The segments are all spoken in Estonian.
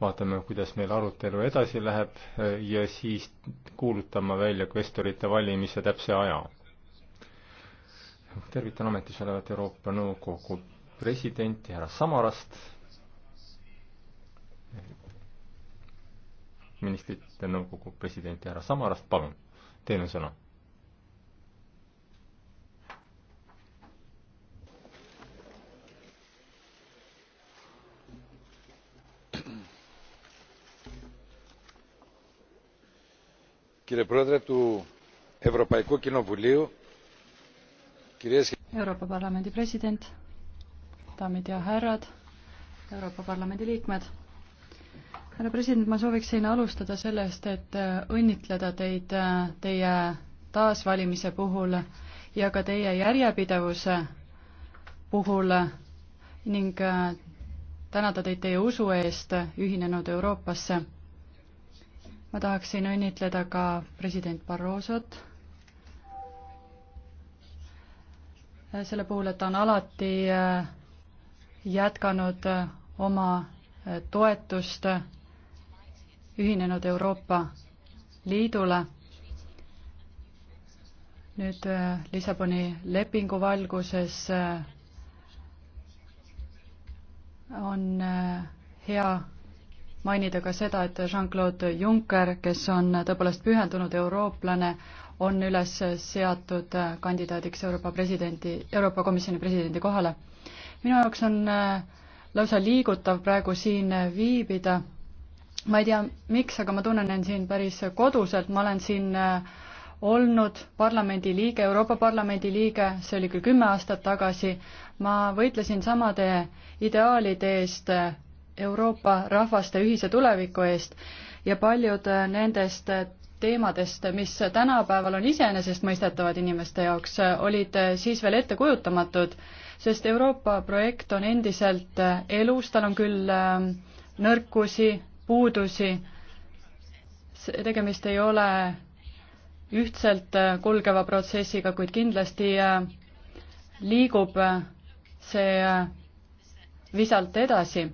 vaatame, kuidas meil arutelu edasi läheb eh, ja siis kuulutama välja kvestorite valimise täpse aja. tervitan ametis olevat Euroopa Nõukogu presidenti härra Samarast, ministrite nõukogu presidenti härra Samarast, palun, teil on sõna Κύριε Πρόεδρε του Ευρωπαϊκού Κοινοβουλίου, κυρίες... Euroopa Parlamendi president, daamid ja härrad, Euroopa Parlamendi liikmed. härra president, ma sooviksin alustada sellest, et õnnitleda teid teie taasvalimise puhul ja ka teie järjepidevuse puhul ning tänada teid teie usu eest ühinenud Euroopasse ma tahaksin õnnitleda ka president Barrosot selle puhul, et ta on alati äh, jätkanud äh, oma äh, toetust ühinenud Euroopa Liidule. nüüd Lissaboni lepingu valguses on hea mainida ka seda, et Jean-Claude Juncker, kes on tõepoolest pühendunud eurooplane, on üles seatud kandidaadiks Euroopa presidendi, Euroopa Komisjoni presidendi kohale. minu jaoks on äh, lausa liigutav praegu siin äh, viibida. ma ei tea, miks, aga ma tunnen end siin päris koduselt, ma olen siin äh, olnud parlamendi liige, Euroopa Parlamendi liige, see oli küll kümme aastat tagasi, ma võitlesin samade ideaalide eest Euroopa rahvaste ühise tuleviku eest ja paljud nendest teemadest, mis tänapäeval on iseenesestmõistetavad inimeste jaoks, olid siis veel ettekujutamatud, sest Euroopa projekt on endiselt elus, tal on küll ähm, nõrkusi, puudusi, tegemist ei ole ühtselt äh, kulgeva protsessiga, kuid kindlasti äh, liigub äh, see visalt edasi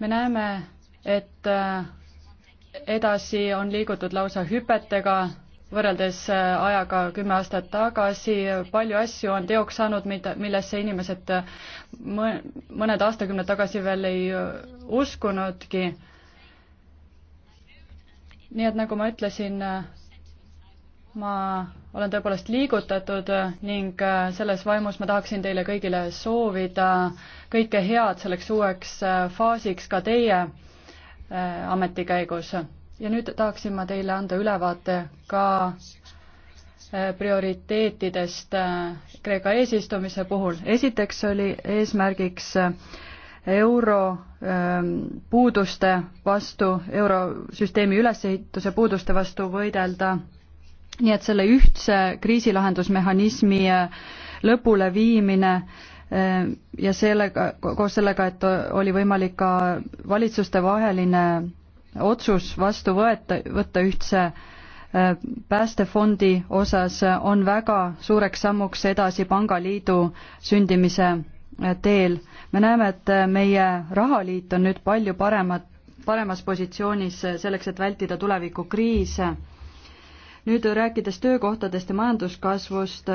me näeme, et äh, edasi on liigutud lausa hüpetega võrreldes äh, ajaga kümme aastat tagasi, palju asju on teoks saanud, mida, millesse inimesed äh, mõned aastakümned tagasi veel ei uskunudki. nii et nagu ma ütlesin, ma olen tõepoolest liigutatud ning äh, selles vaimus ma tahaksin teile kõigile soovida kõike head selleks uueks äh, faasiks ka teie äh, ametikäigus. ja nüüd tahaksin ma teile anda ülevaate ka prioriteetidest Kreeka eesistumise puhul. esiteks oli eesmärgiks euro ähm, puuduste vastu, eurosüsteemi ülesehituse puuduste vastu võidelda nii et selle ühtse kriisilahendusmehhanismi äh, lõpuleviimine äh, ja sellega, koos sellega, et oli võimalik ka valitsustevaheline otsus vastu võeta, võtta ühtse äh, päästefondi osas, on väga suureks sammuks edasi pangaliidu sündimise teel. me näeme, et meie rahaliit on nüüd palju paremat, paremas positsioonis selleks, et vältida tulevikukriise nüüd rääkides töökohtadest ja majanduskasvust,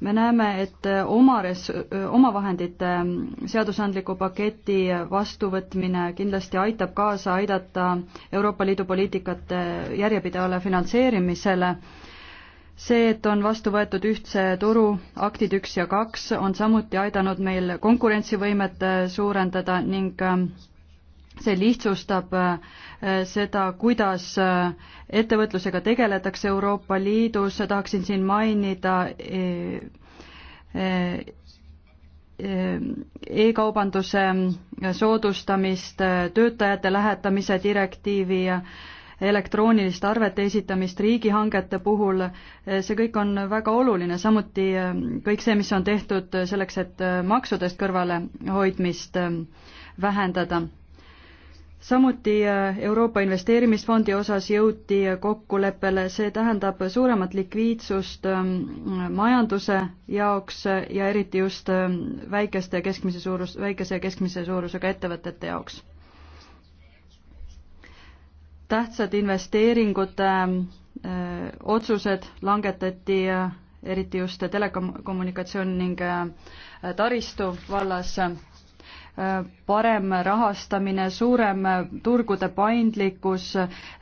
me näeme, et oma res-, omavahendite seadusandliku paketi vastuvõtmine kindlasti aitab kaasa aidata Euroopa Liidu poliitikate järjepidevale finantseerimisele. see, et on vastu võetud ühtse turu aktid üks ja kaks, on samuti aidanud meil konkurentsivõimet suurendada ning see lihtsustab äh, seda, kuidas äh, ettevõtlusega tegeletakse Euroopa Liidus, tahaksin siin mainida äh, e-kaubanduse soodustamist, töötajate lähetamise direktiivi ja elektrooniliste arvete esitamist riigihangete puhul, see kõik on väga oluline, samuti kõik see, mis on tehtud selleks, et maksudest kõrvalehoidmist vähendada samuti äh, Euroopa Investeerimisfondi osas jõuti äh, kokkuleppele, see tähendab suuremat likviidsust ähm, majanduse jaoks äh, ja eriti just ähm, väikeste ja keskmise suurus, väikese ja keskmise suurusega ettevõtete jaoks. tähtsad investeeringute ähm, otsused langetati eriti just telekommunikatsioon ning taristu vallas parem rahastamine, suurem turgude paindlikkus,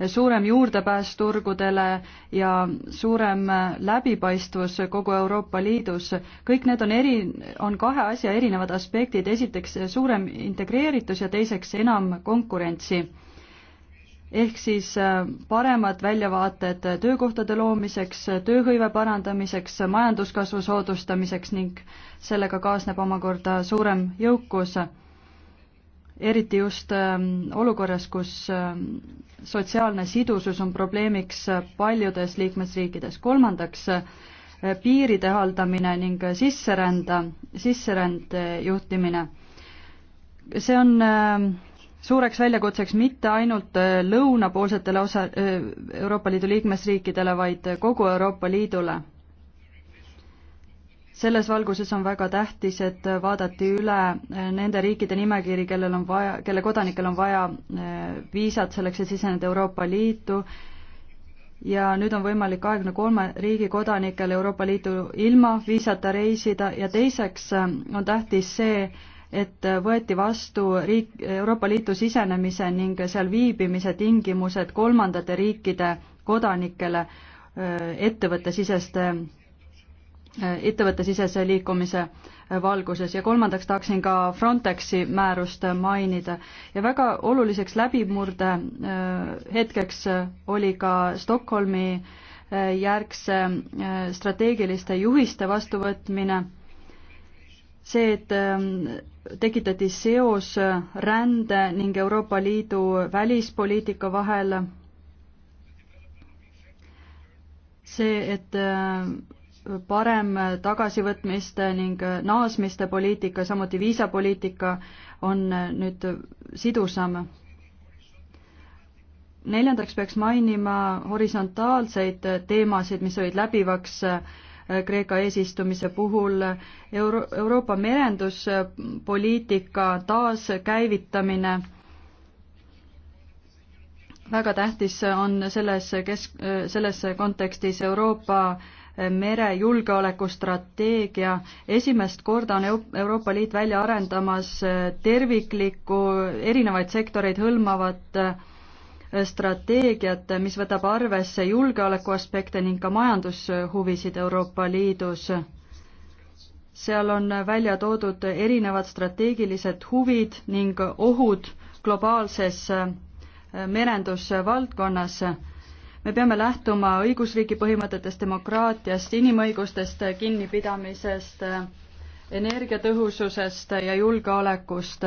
suurem juurdepääs turgudele ja suurem läbipaistvus kogu Euroopa Liidus. kõik need on eri, on kahe asja erinevad aspektid, esiteks suurem integreeritus ja teiseks enam konkurentsi ehk siis äh, paremad väljavaated äh, töökohtade loomiseks, äh, tööhõive parandamiseks, majanduskasvu soodustamiseks ning sellega kaasneb omakorda suurem jõukus, eriti just ähm, olukorras, kus ähm, sotsiaalne sidusus on probleemiks paljudes liikmesriikides. kolmandaks, piiride haldamine ning sisserände, sisserände juhtimine. see on äh, suureks väljakutseks mitte ainult äh, lõunapoolsetele osa, äh, Euroopa Liidu liikmesriikidele, vaid äh, kogu Euroopa Liidule. selles valguses on väga tähtis, et vaadati üle nende riikide nimekiri, kellel on vaja, kelle kodanikel on vaja viisat selleks, et siseneda Euroopa Liitu ja nüüd on võimalik kahekümne kolme riigi kodanikel Euroopa Liidu ilma viisata reisida ja teiseks on tähtis see, et võeti vastu riik, Euroopa Liitu sisenemise ning seal viibimise tingimused kolmandate riikide kodanikele äh, ettevõttesiseste, äh, ettevõttesisese liikumise äh, valguses ja kolmandaks tahaksin ka Frontexi määrust mainida. ja väga oluliseks läbimurde hetkeks oli ka Stockholmi järgse strateegiliste juhiste vastuvõtmine, see, et ähm, tekitati seos rände ning Euroopa Liidu välispoliitika vahel. see, et äh, parem tagasivõtmiste ning naasmiste poliitika, samuti viisapoliitika on äh, nüüd sidusam. neljandaks peaks mainima horisontaalseid teemasid, mis olid läbivaks äh, Kreeka eesistumise puhul Euro Euroopa merenduspoliitika taaskäivitamine väga tähtis on selles kesk, selles kontekstis Euroopa merejulgeolekustrateegia. esimest korda on Euroopa Liit välja arendamas terviklikku, erinevaid sektoreid hõlmavat strateegiat, mis võtab arvesse julgeolekuaspekte ning ka majandushuvisid Euroopa Liidus. seal on välja toodud erinevad strateegilised huvid ning ohud globaalses äh, merendusvaldkonnas me peame lähtuma õigusriigi põhimõtetest, demokraatiast, inimõigustest, kinnipidamisest, äh, energiatõhususest ja julgeolekust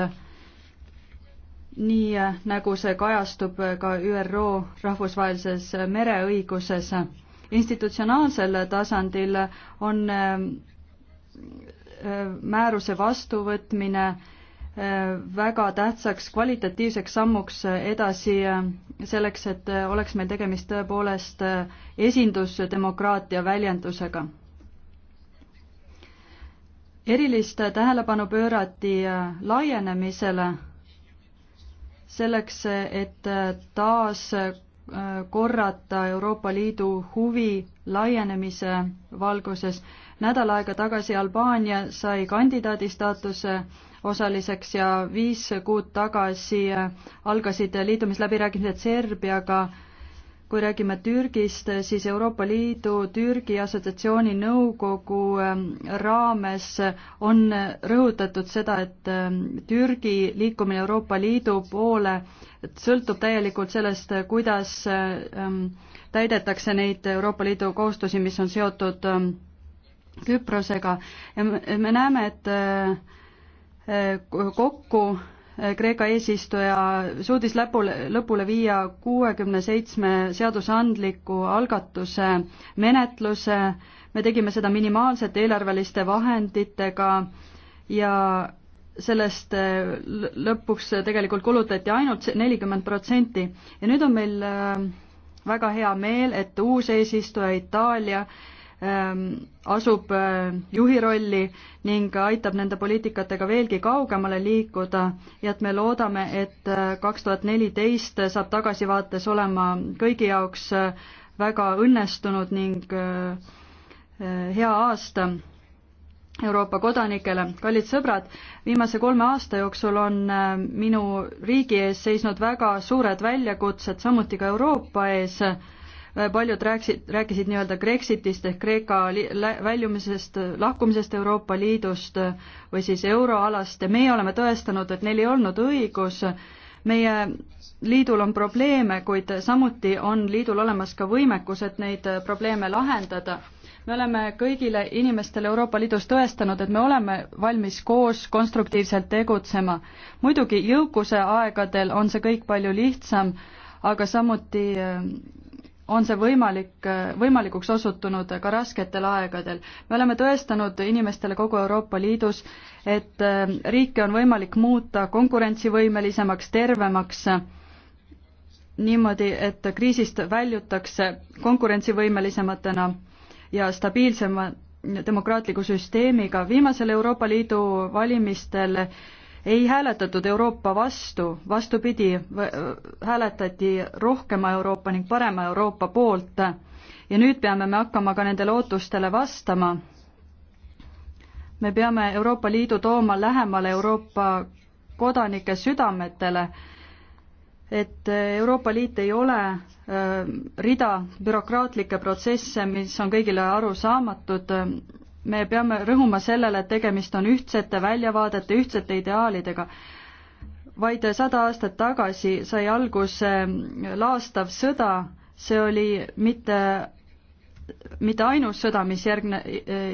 nii äh, nagu see kajastub äh, ka ÜRO rahvusvahelises äh, mereõiguses. institutsionaalsel tasandil on ähm, määruse vastuvõtmine väga tähtsaks kvalitatiivseks sammuks edasi selleks, et oleks meil tegemist tõepoolest esindusdemokraatia väljendusega. erilist tähelepanu pöörati laienemisele selleks, et äh, taas äh, korrata Euroopa Liidu huvi laienemise valguses. nädal aega tagasi Albaania sai kandidaadi staatuse osaliseks ja viis kuud tagasi äh, algasid liitumisläbirääkimised Serbiaga kui räägime Türgist, siis Euroopa Liidu Türgi Assotsiatsiooni Nõukogu ähm, raames on rõhutatud seda, et ähm, Türgi liikumine Euroopa Liidu poole sõltub täielikult sellest, kuidas ähm, täidetakse neid Euroopa Liidu kohustusi, mis on seotud Küprosega ja me näeme, et äh, äh, kokku Kreeka eesistuja suudis läpule, lõpule viia kuuekümne seitsme seadusandliku algatuse menetluse, me tegime seda minimaalsete eelarveliste vahenditega ja sellest äh, lõpuks tegelikult kulutati ainult nelikümmend protsenti ja nüüd on meil äh, väga hea meel, et uus eesistuja Itaalia Ähm, asub äh, juhi rolli ning aitab nende poliitikatega veelgi kaugemale liikuda ja et me loodame, et äh, kaks tuhat neliteist saab tagasivaates olema kõigi jaoks äh, väga õnnestunud ning hea aasta Euroopa kodanikele. kallid sõbrad, viimase kolme aasta jooksul on minu riigi ees seisnud väga suured väljakutsed, samuti ka Euroopa ees Äh, paljud rääkisid, rääkisid nii-öelda Brexitist ehk Kreeka väljumisest, lahkumisest Euroopa Liidust äh, või siis euroalast ja meie oleme tõestanud, et neil ei olnud õigus. meie liidul on probleeme, kuid samuti on liidul olemas ka võimekus, et neid äh, probleeme lahendada me oleme kõigile inimestele Euroopa Liidus tõestanud, et me oleme valmis koos konstruktiivselt tegutsema. muidugi jõukuse aegadel on see kõik palju lihtsam, aga samuti on see võimalik, võimalikuks osutunud ka rasketel aegadel. me oleme tõestanud inimestele kogu Euroopa Liidus, et äh, riike on võimalik muuta konkurentsivõimelisemaks, tervemaks, niimoodi, et kriisist väljutakse konkurentsivõimelisematena ja stabiilsema demokraatliku süsteemiga. viimasel Euroopa Liidu valimistel ei hääletatud Euroopa vastu, vastupidi, hääletati rohkema Euroopa ning parema Euroopa poolt ja nüüd peame me hakkama ka nendele ootustele vastama. me peame Euroopa Liidu tooma lähemale Euroopa kodanike südametele, et Euroopa Liit ei ole äh, rida bürokraatlikke protsesse, mis on kõigile arusaamatud me peame rõhuma sellele, et tegemist on ühtsete väljavaadete, ühtsete ideaalidega. vaid sada aastat tagasi sai alguse laastav sõda, see oli mitte, mitte ainus sõda, mis järgne,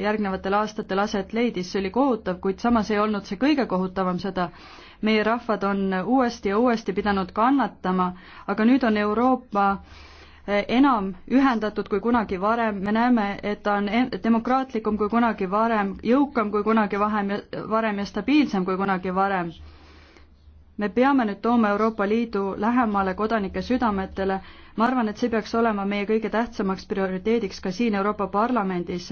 järgnevatel aastatel aset leidis, see oli kohutav, kuid samas ei olnud see kõige kohutavam sõda. meie rahvad on uuesti ja uuesti pidanud kannatama, aga nüüd on Euroopa äh, enam ühendatud kui kunagi varem, me näeme, et ta on e-, demokraatlikum kui kunagi varem, jõukam kui kunagi vahem, varem ja stabiilsem kui kunagi varem. me peame nüüd tooma Euroopa Liidu lähemale kodanike südametele, ma arvan, et see peaks olema meie kõige tähtsamaks prioriteediks ka siin Euroopa Parlamendis,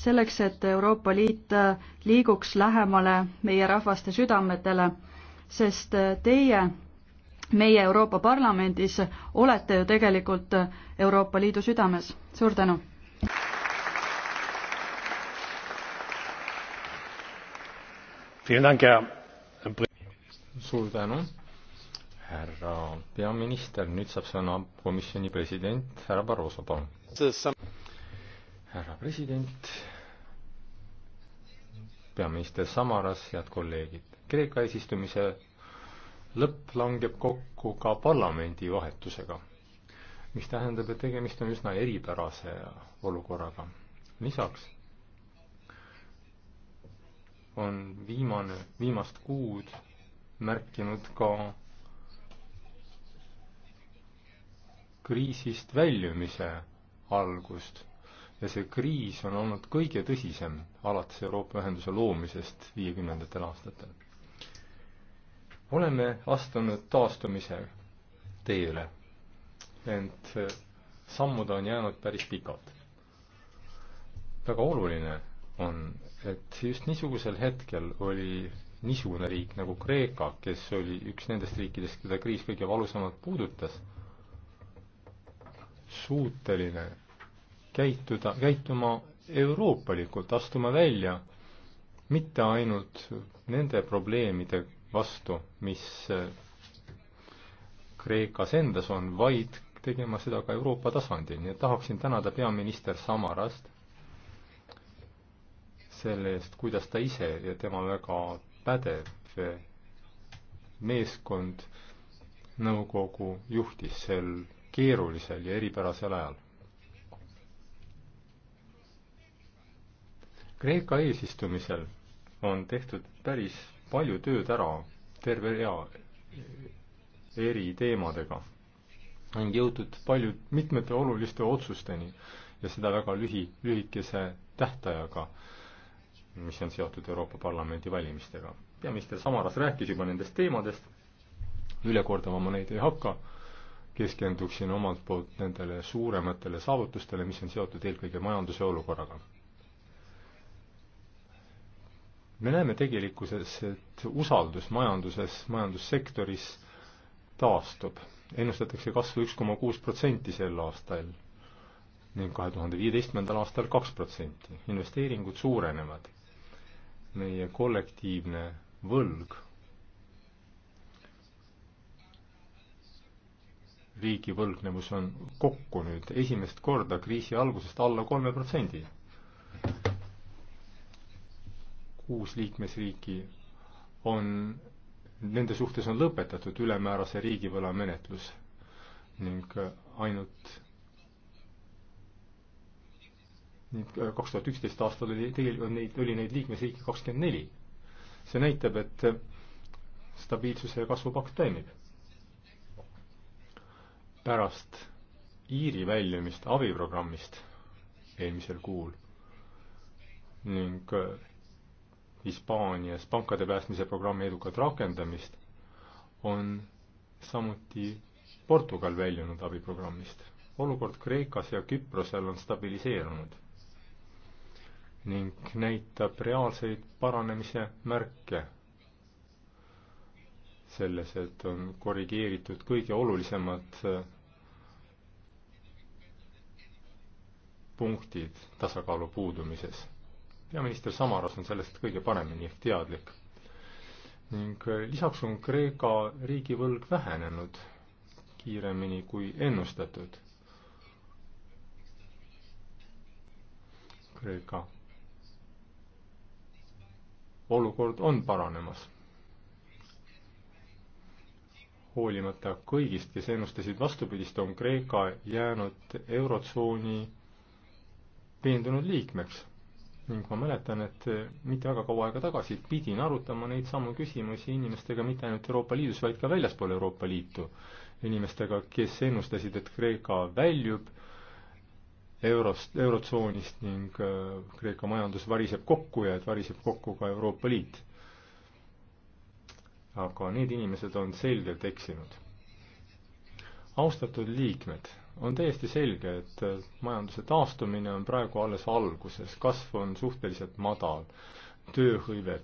selleks, et Euroopa Liit äh, liiguks lähemale meie rahvaste südametele, sest äh, teie meie Euroopa Parlamendis olete ju tegelikult Euroopa Liidu südames. suur tänu! suur tänu, härra peaminister, nüüd saab sõna komisjoni president härra Barroso, palun. härra president, peaminister Samaras, head kolleegid, Kreeka eesistumise lõpp langeb kokku ka parlamendi vahetusega, mis tähendab, et tegemist on üsna eripärase olukorraga. lisaks on viimane, viimast kuud märkinud ka kriisist väljumise algust ja see kriis on olnud kõige tõsisem alates Euroopa Ühenduse loomisest viiekümnendatel aastatel oleme astunud taastumise teele, ent äh, sammud on jäänud päris pikalt. väga oluline on, et just niisugusel hetkel oli niisugune riik nagu Kreeka, kes oli üks nendest riikidest, keda kriis kõige valusamalt puudutas, suuteline käituda, käituma euroopalikult, astuma välja mitte ainult nende probleemide vastu, mis eh, Kreekas endas on, vaid tegema seda ka Euroopa tasandil, nii et tahaksin tänada peaminister Samarast selle eest, kuidas ta ise ja tema väga pädev eh, meeskond nõukogu juhtis sel keerulisel ja eripärasel ajal. Kreeka eesistumisel on tehtud päris palju tööd ära terve rea eri teemadega. on jõutud palju, mitmete oluliste otsusteni ja seda väga lühi, lühikese tähtajaga, mis on seotud Euroopa Parlamendi valimistega. peaminister Samaras rääkis juba nendest teemadest, üle kordama ma neid ei hakka keskenduksin omalt poolt nendele suurematele saavutustele, mis on seotud eelkõige majanduse olukorraga me näeme tegelikkuses, et usaldus majanduses, majandussektoris taastub. ennustatakse kasvu üks koma kuus protsenti sel aastal ning kahe tuhande viieteistkümnendal aastal kaks protsenti. investeeringud suurenevad. meie kollektiivne võlg riigi võlgnevus on kokku nüüd esimest korda kriisi algusest alla kolme protsendi kuus liikmesriiki on, nende suhtes on lõpetatud ülemäärase riigivõla menetlus ning ainult ning kaks tuhat üksteist aastal oli tegelikult neid, oli neid liikmesriike kakskümmend neli. see näitab, et stabiilsuse ja kasvu pakt toimib. pärast Iiri väljumist abiprogrammist eelmisel kuul ning Hispaanias pankade päästmise programmi edukat rakendamist, on samuti Portugal väljunud abiprogrammist. olukord Kreekas ja Küprosel on stabiliseerunud ning näitab reaalseid paranemise märke selles, et on korrigeeritud kõige olulisemad äh, punktid tasakaalu puudumises peaminister Samaras on sellest kõige paremini teadlik. ning äh, lisaks on Kreeka riigivõlg vähenenud kiiremini kui ennustatud. Kreeka olukord on paranemas. hoolimata kõigist, kes ennustasid vastupidist, on Kreeka jäänud Eurotsooni veendunud liikmeks ning ma mäletan, et äh, mitte väga kaua aega tagasi pidin arutama neid samu küsimusi inimestega mitte ainult Euroopa Liidus, vaid ka väljaspool Euroopa Liitu. inimestega, kes ennustasid, et Kreeka väljub eurost, eurotsoonist ning äh, Kreeka majandus variseb kokku ja et variseb kokku ka Euroopa Liit. aga need inimesed on selgelt eksinud. austatud liikmed on täiesti selge, et äh, majanduse taastumine on praegu alles alguses, kasv on suhteliselt madal, tööhõive,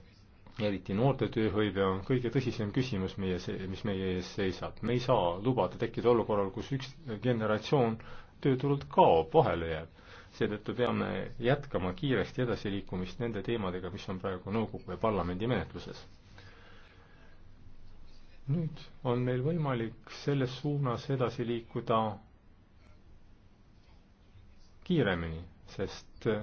eriti noorte tööhõive on kõige tõsisem küsimus meie, mis meie ees seisab. me ei saa lubada tekkida olukorral, kus üks generatsioon tööturult kaob, vahele jääb. seetõttu peame jätkama kiiresti edasiliikumist nende teemadega, mis on praegu nõukogu ja parlamendi menetluses nüüd on meil võimalik selles suunas edasi liikuda kiiremini, sest äh,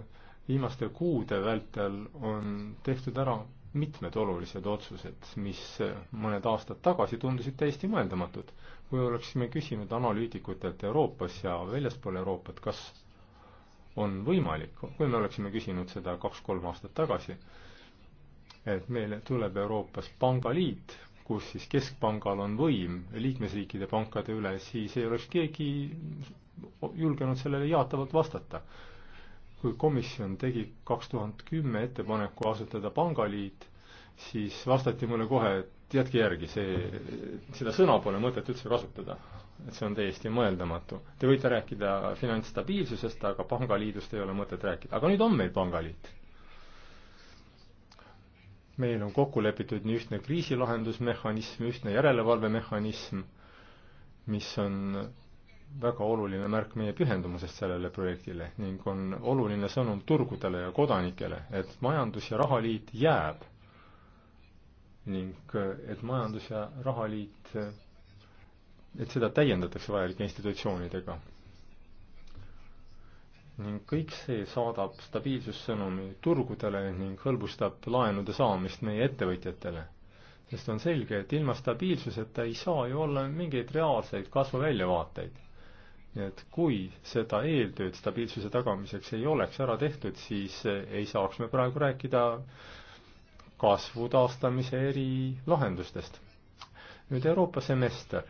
viimaste kuude vältel on tehtud ära mitmed olulised otsused, mis äh, mõned aastad tagasi tundusid täiesti mõeldamatud. kui oleksime küsinud analüütikutelt Euroopas ja väljaspool Euroopat, kas on võimalik, kui me oleksime küsinud seda kaks-kolm aastat tagasi, et meile tuleb Euroopas pangaliit, kus siis keskpangal on võim liikmesriikide pankade üle, siis ei oleks keegi julgenud sellele jaatavalt vastata. kui komisjon tegi kaks tuhat kümme ettepaneku asutada pangaliit, siis vastati mulle kohe, et jätke järgi, see, seda sõna pole mõtet üldse kasutada. et see on täiesti mõeldamatu. Te võite rääkida finantsstabiilsusest, aga pangaliidust ei ole mõtet rääkida. aga nüüd on meil pangaliit meil on kokku lepitud nii ühtne kriisilahendusmehhanism, ühtne järelevalvemehhanism, mis on väga oluline märk meie pühendumusest sellele projektile ning on oluline sõnum turgudele ja kodanikele, et majandus- ja rahaliit jääb ning et majandus- ja rahaliit, et seda täiendatakse vajalike institutsioonidega. ning kõik see saadab stabiilsussõnumi turgudele ning hõlbustab laenude saamist meie ettevõtjatele sest on selge, et ilma stabiilsuseta ei saa ju olla mingeid reaalseid kasvuväljavaateid nii et kui seda eeltööd stabiilsuse tagamiseks ei oleks ära tehtud, siis eh, ei saaks me praegu rääkida kasvu taastamise erilahendustest. nüüd Euroopa semester.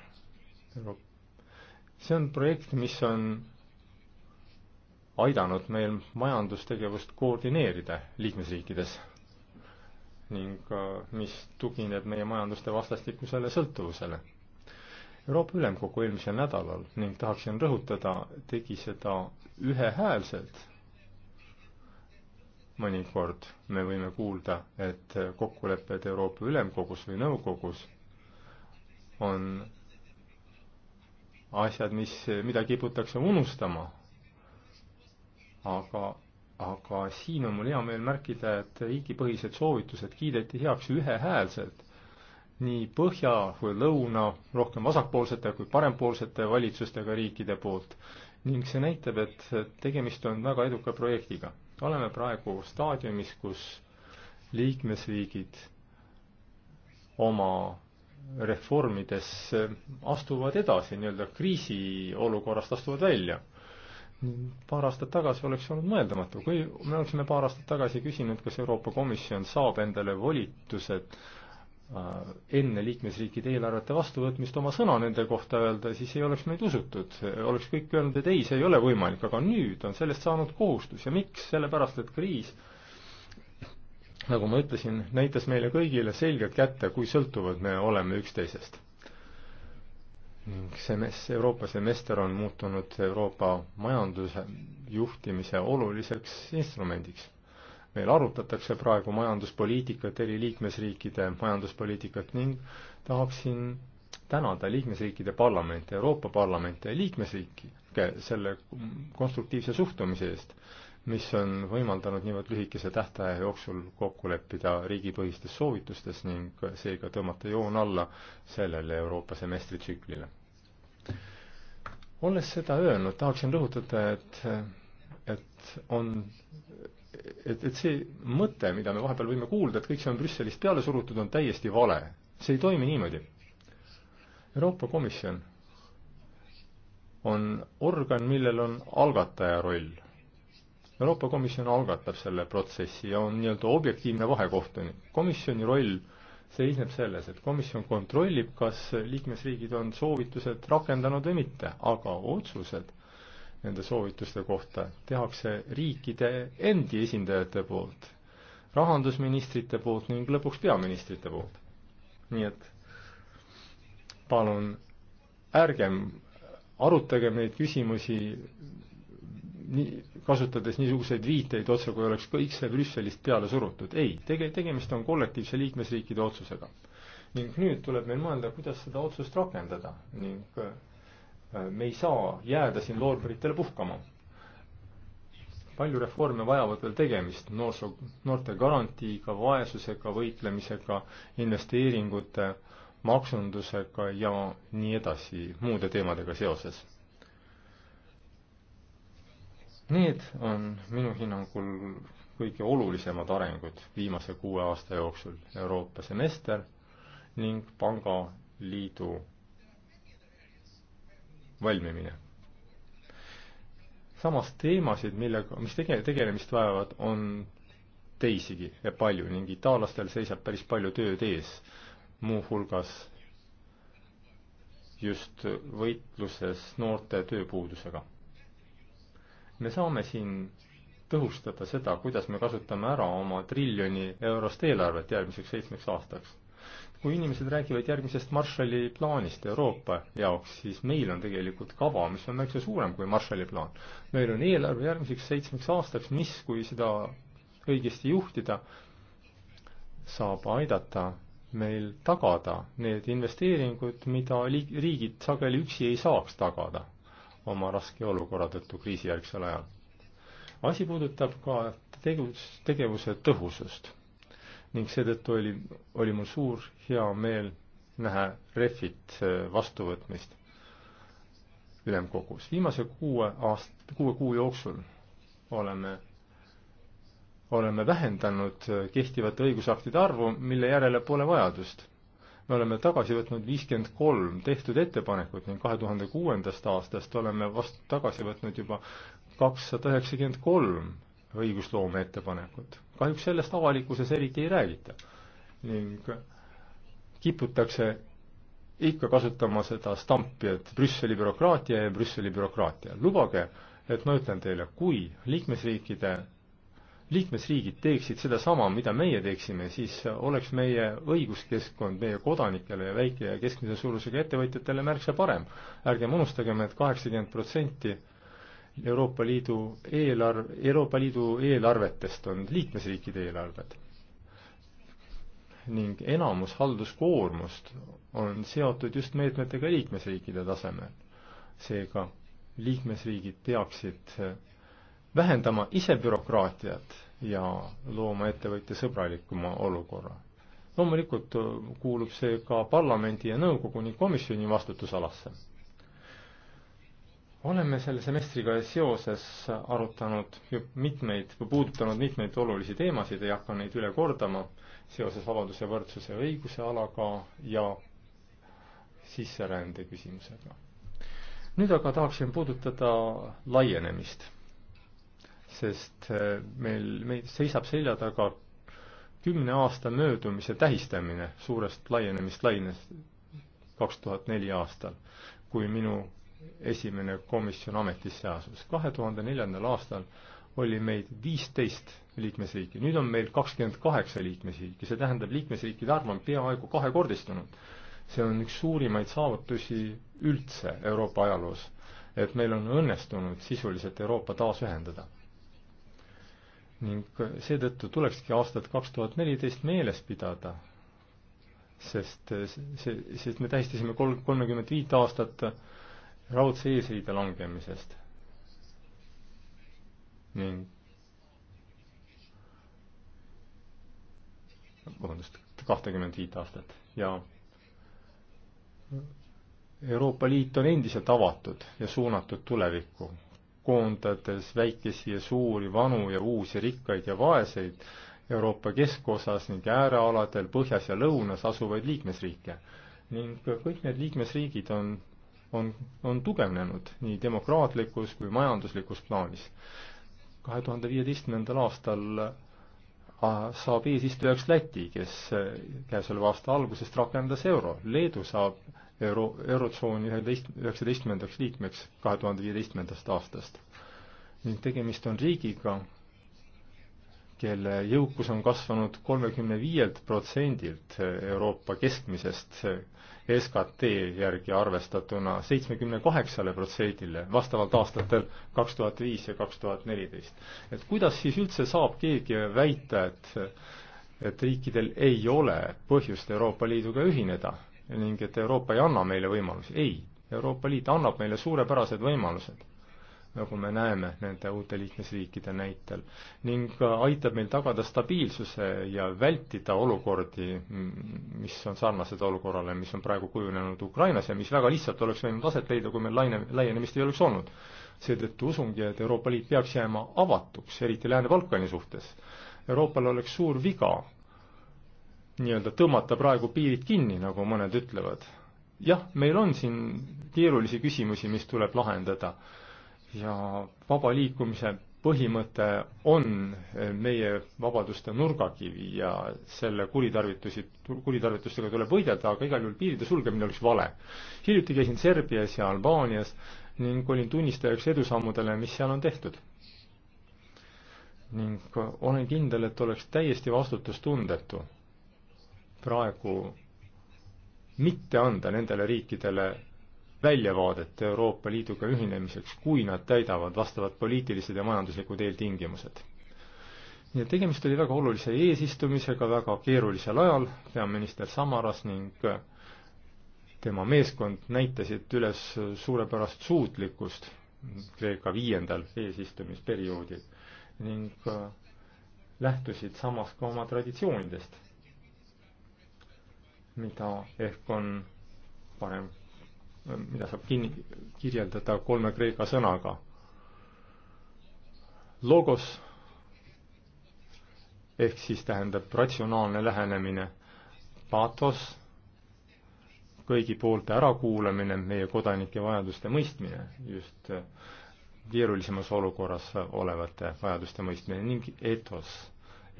see on projekt, mis on aidanud meil majandustegevust koordineerida liikmesriikides ning eh, mis tugineb meie majanduste vastastikusele sõltuvusele Euroopa Ülemkogu eelmisel nädalal ning tahaksin rõhutada, tegi seda ühehäälselt. mõnikord me võime kuulda, et kokkulepped Euroopa Ülemkogus või nõukogus on asjad, mis, mida kiputakse unustama. aga, aga siin on mul hea meel märkida, et riigipõhised soovitused kiideti heaks ühehäälselt nii põhja kui lõuna, rohkem vasakpoolsete kui parempoolsete valitsustega riikide poolt ning see näitab, et tegemist on väga eduka projektiga. oleme praegu staadiumis, kus liikmesriigid oma reformides astuvad edasi, nii-öelda kriisiolukorrast astuvad välja paar aastat tagasi oleks olnud mõeldamatu, kui me oleksime paar aastat tagasi küsinud, kas Euroopa Komisjon saab endale volitused Äh, enne liikmesriikide eelarvete vastuvõtmist oma sõna nende kohta öelda, siis ei oleks meid usutud. oleks kõik öelnud, et ei, see ei ole võimalik, aga nüüd on sellest saanud kohustus ja miks? sellepärast, et kriis, nagu ma ütlesin, näitas meile kõigile selgelt kätte, kui sõltuvad me oleme üksteisest. ning semes-, Euroopa semester on muutunud Euroopa majanduse juhtimise oluliseks instrumendiks meil arutatakse praegu majanduspoliitikat, eri liikmesriikide majanduspoliitikat ning tahaksin tänada liikmesriikide parlamente, Euroopa Parlamente ja liikmesriike selle konstruktiivse suhtumise eest, mis on võimaldanud niivõrd lühikese tähtaja jooksul kokku leppida riigipõhistes soovitustes ning seega tõmmata joon alla sellele Euroopa semestritsüklile. olles seda öelnud, tahaksin rõhutada, et, et on et, et see mõte, mida me vahepeal võime kuulda, et kõik see on Brüsselist peale surutud, on täiesti vale. see ei toimi niimoodi. Euroopa Komisjon on organ, millel on algataja roll. Euroopa Komisjon algatab selle protsessi ja on nii-öelda objektiivne vahekohtunik. komisjoni roll seisneb selles, et komisjon kontrollib, kas liikmesriigid on soovitused rakendanud või mitte, aga otsused nende soovituste kohta tehakse riikide endi esindajate poolt, rahandusministrite poolt ning lõpuks peaministrite poolt. nii et palun ärgem arutagem neid küsimusi nii, kasutades niisuguseid viiteid otse, kui oleks kõik see Brüsselist peale surutud. ei, tege-, tegemist on kollektiivse liikmesriikide otsusega. ning nüüd tuleb meil mõelda, kuidas seda otsust rakendada ning Äh, me ei saa jääda siin loorberitele puhkama. palju reforme vajavad veel tegemist noorsoo, noorte garantiiga, vaesusega võitlemisega, investeeringute, maksundusega ja nii edasi muude teemadega seoses. Need on minu hinnangul kõige olulisemad arengud viimase kuue aasta jooksul Euroopa semester ning pangaliidu valmimine. samas teemasid, millega, mis tege-, tegelemist vajavad, on teisigi ja palju ning itaallastel seisab päris palju tööd ees, muuhulgas just võitluses noorte tööpuudusega. me saame siin tõhustada seda, kuidas me kasutame ära oma triljoni eurost eelarvet järgmiseks seitsmeks aastaks kui inimesed räägivad järgmisest Marshalli plaanist Euroopa jaoks, siis meil on tegelikult kava, mis on märksa suurem kui Marshalli plaan. meil on eelarve järgmiseks seitsmeks aastaks, mis, kui seda õigesti juhtida, saab aidata meil tagada need investeeringud, mida liik-, riigid sageli üksi ei saaks tagada oma raske olukorra tõttu kriisijärgsel ajal. asi puudutab ka tegevus, tegevuse tõhusust ning seetõttu oli, oli mul suur hea meel näha Refit äh, vastuvõtmist ülemkogus. viimase kuue aast-, kuue kuu jooksul oleme, oleme vähendanud äh, kehtivate õigusaktide arvu, mille järele pole vajadust. me oleme tagasi võtnud viiskümmend kolm tehtud ettepanekut ning kahe tuhande kuuendast aastast oleme vast-, tagasi võtnud juba kakssada üheksakümmend kolm õigusloome ettepanekut kahjuks sellest avalikkuses eriti ei räägita. ning kiputakse ikka kasutama seda stampi, et Brüsseli bürokraatia ja Brüsseli bürokraatia. lubage, et ma ütlen teile, kui liikmesriikide, liikmesriigid teeksid sedasama, mida meie teeksime, siis oleks meie õiguskeskkond meie kodanikele ja väike- ja keskmise suurusega ettevõtjatele märksa parem. ärgem unustagem et, et kaheksakümmend protsenti Euroopa Liidu eelarv, Euroopa Liidu eelarvetest on liikmesriikide eelarved. ning enamus halduskoormust on seotud just meetmetega liikmesriikide tasemel. seega liikmesriigid peaksid vähendama ise bürokraatiat ja looma ettevõtja sõbralikuma olukorra. loomulikult kuulub see ka parlamendi ja nõukogu ning komisjoni vastutusalasse oleme selle semestriga seoses arutanud mitmeid või puudutanud mitmeid olulisi teemasid, ei hakka neid üle kordama, seoses vabaduse, võrdsuse ja õiguse alaga ja sisserände küsimusega. nüüd aga tahaksin puudutada laienemist, sest eh, meil, meil seisab selja taga kümne aasta möödumise tähistamine suurest laienemist laines kaks tuhat neli aastal, kui minu esimene komisjon ametisse asus. kahe tuhande neljandal aastal oli meid viisteist liikmesriiki, nüüd on meil kakskümmend kaheksa liikmesriiki, see tähendab, liikmesriikide arv on peaaegu kahekordistunud. see on üks suurimaid saavutusi üldse Euroopa ajaloos, et meil on õnnestunud sisuliselt Euroopa taasühendada. ning seetõttu tulekski aastat kaks tuhat neliteist meeles pidada, sest see, sest me tähistasime kolm, kolmekümmet viit aastat äh, raudse eesriide langemisest ning vabandust, kahtekümmend viit aastat ja Euroopa Liit on endiselt avatud ja suunatud tulevikku, koondades väikesi ja suuri, vanu ja uusi, rikkaid ja vaeseid Euroopa keskosas ning äärealadel põhjas ja lõunas asuvaid liikmesriike. ning kõik need liikmesriigid on on, on tugevnenud nii demokraatlikus kui majanduslikus plaanis. kahe tuhande viieteistkümnendal aastal saab eesistujaks Läti, kes käesoleva aasta algusest rakendas euro. Leedu saab euro, eurotsooni üheteist, üheksateistkümnendaks liikmeks kahe tuhande viieteistkümnendast aastast. ning tegemist on riigiga, kelle jõukus on kasvanud kolmekümne viielt protsendilt Euroopa keskmisest SKT järgi arvestatuna seitsmekümne kaheksale protsendile vastavalt aastatel kaks tuhat viis ja kaks tuhat neliteist. et kuidas siis üldse saab keegi väita, et et riikidel ei ole põhjust Euroopa Liiduga ühineda ning et Euroopa ei anna meile võimalusi, ei, Euroopa Liit annab meile suurepärased võimalused nagu me näeme nende uute liikmesriikide näitel, ning aitab meil tagada stabiilsuse ja vältida olukordi, mis on sarnased olukorrale, mis on praegu kujunenud Ukrainas ja mis väga lihtsalt oleks võinud aset leida, kui meil laine, laienemist ei oleks olnud. seetõttu usungi, et Euroopa Liit peaks jääma avatuks, eriti Lääne-Balkani suhtes. Euroopal oleks suur viga nii-öelda tõmmata praegu piirid kinni, nagu mõned ütlevad. jah, meil on siin keerulisi küsimusi, mis tuleb lahendada ja vaba liikumise põhimõte on eh, meie vabaduste nurgakivi ja selle kuritarvitusi, kuritarvitustega tuleb võidelda, aga igal juhul piiride sulgemine oleks vale. hiljuti käisin Serbias ja Albaanias ning olin tunnistajaks edusammudele, mis seal on tehtud. ning olen kindel, et oleks täiesti vastutustundetu praegu mitte anda nendele riikidele väljavaadet Euroopa Liiduga ühinemiseks, kui nad täidavad vastavad poliitilised ja majanduslikud eeltingimused. nii et tegemist oli väga olulise eesistumisega väga keerulisel ajal, peaminister Samaras ning äh, tema meeskond näitasid üles suurepärast suutlikkust Kreeka viiendal eesistumisperioodil ning äh, lähtusid samas ka oma traditsioonidest, mida ehk on parem mida saab kinni, kirjeldada kolme kreeka sõnaga. Logos ehk siis tähendab ratsionaalne lähenemine, patos, kõigi poolte ärakuulamine, meie kodanike vajaduste mõistmine, just äh, keerulisemas olukorras olevate vajaduste mõistmine ning etos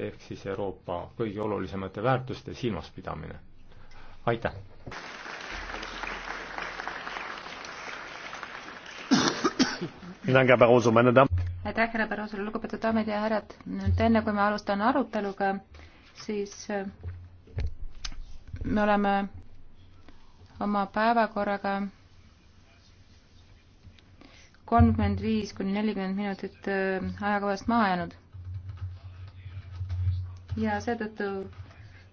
ehk siis Euroopa kõige olulisemate väärtuste silmaspidamine. aitäh! aitäh, härra Barroso, lugupeetud daamid ja härrad. nüüd enne, kui ma alustan aruteluga, siis äh, me oleme oma päevakorraga kolmkümmend viis kuni nelikümmend minutit äh, ajakavast maha jäänud. ja seetõttu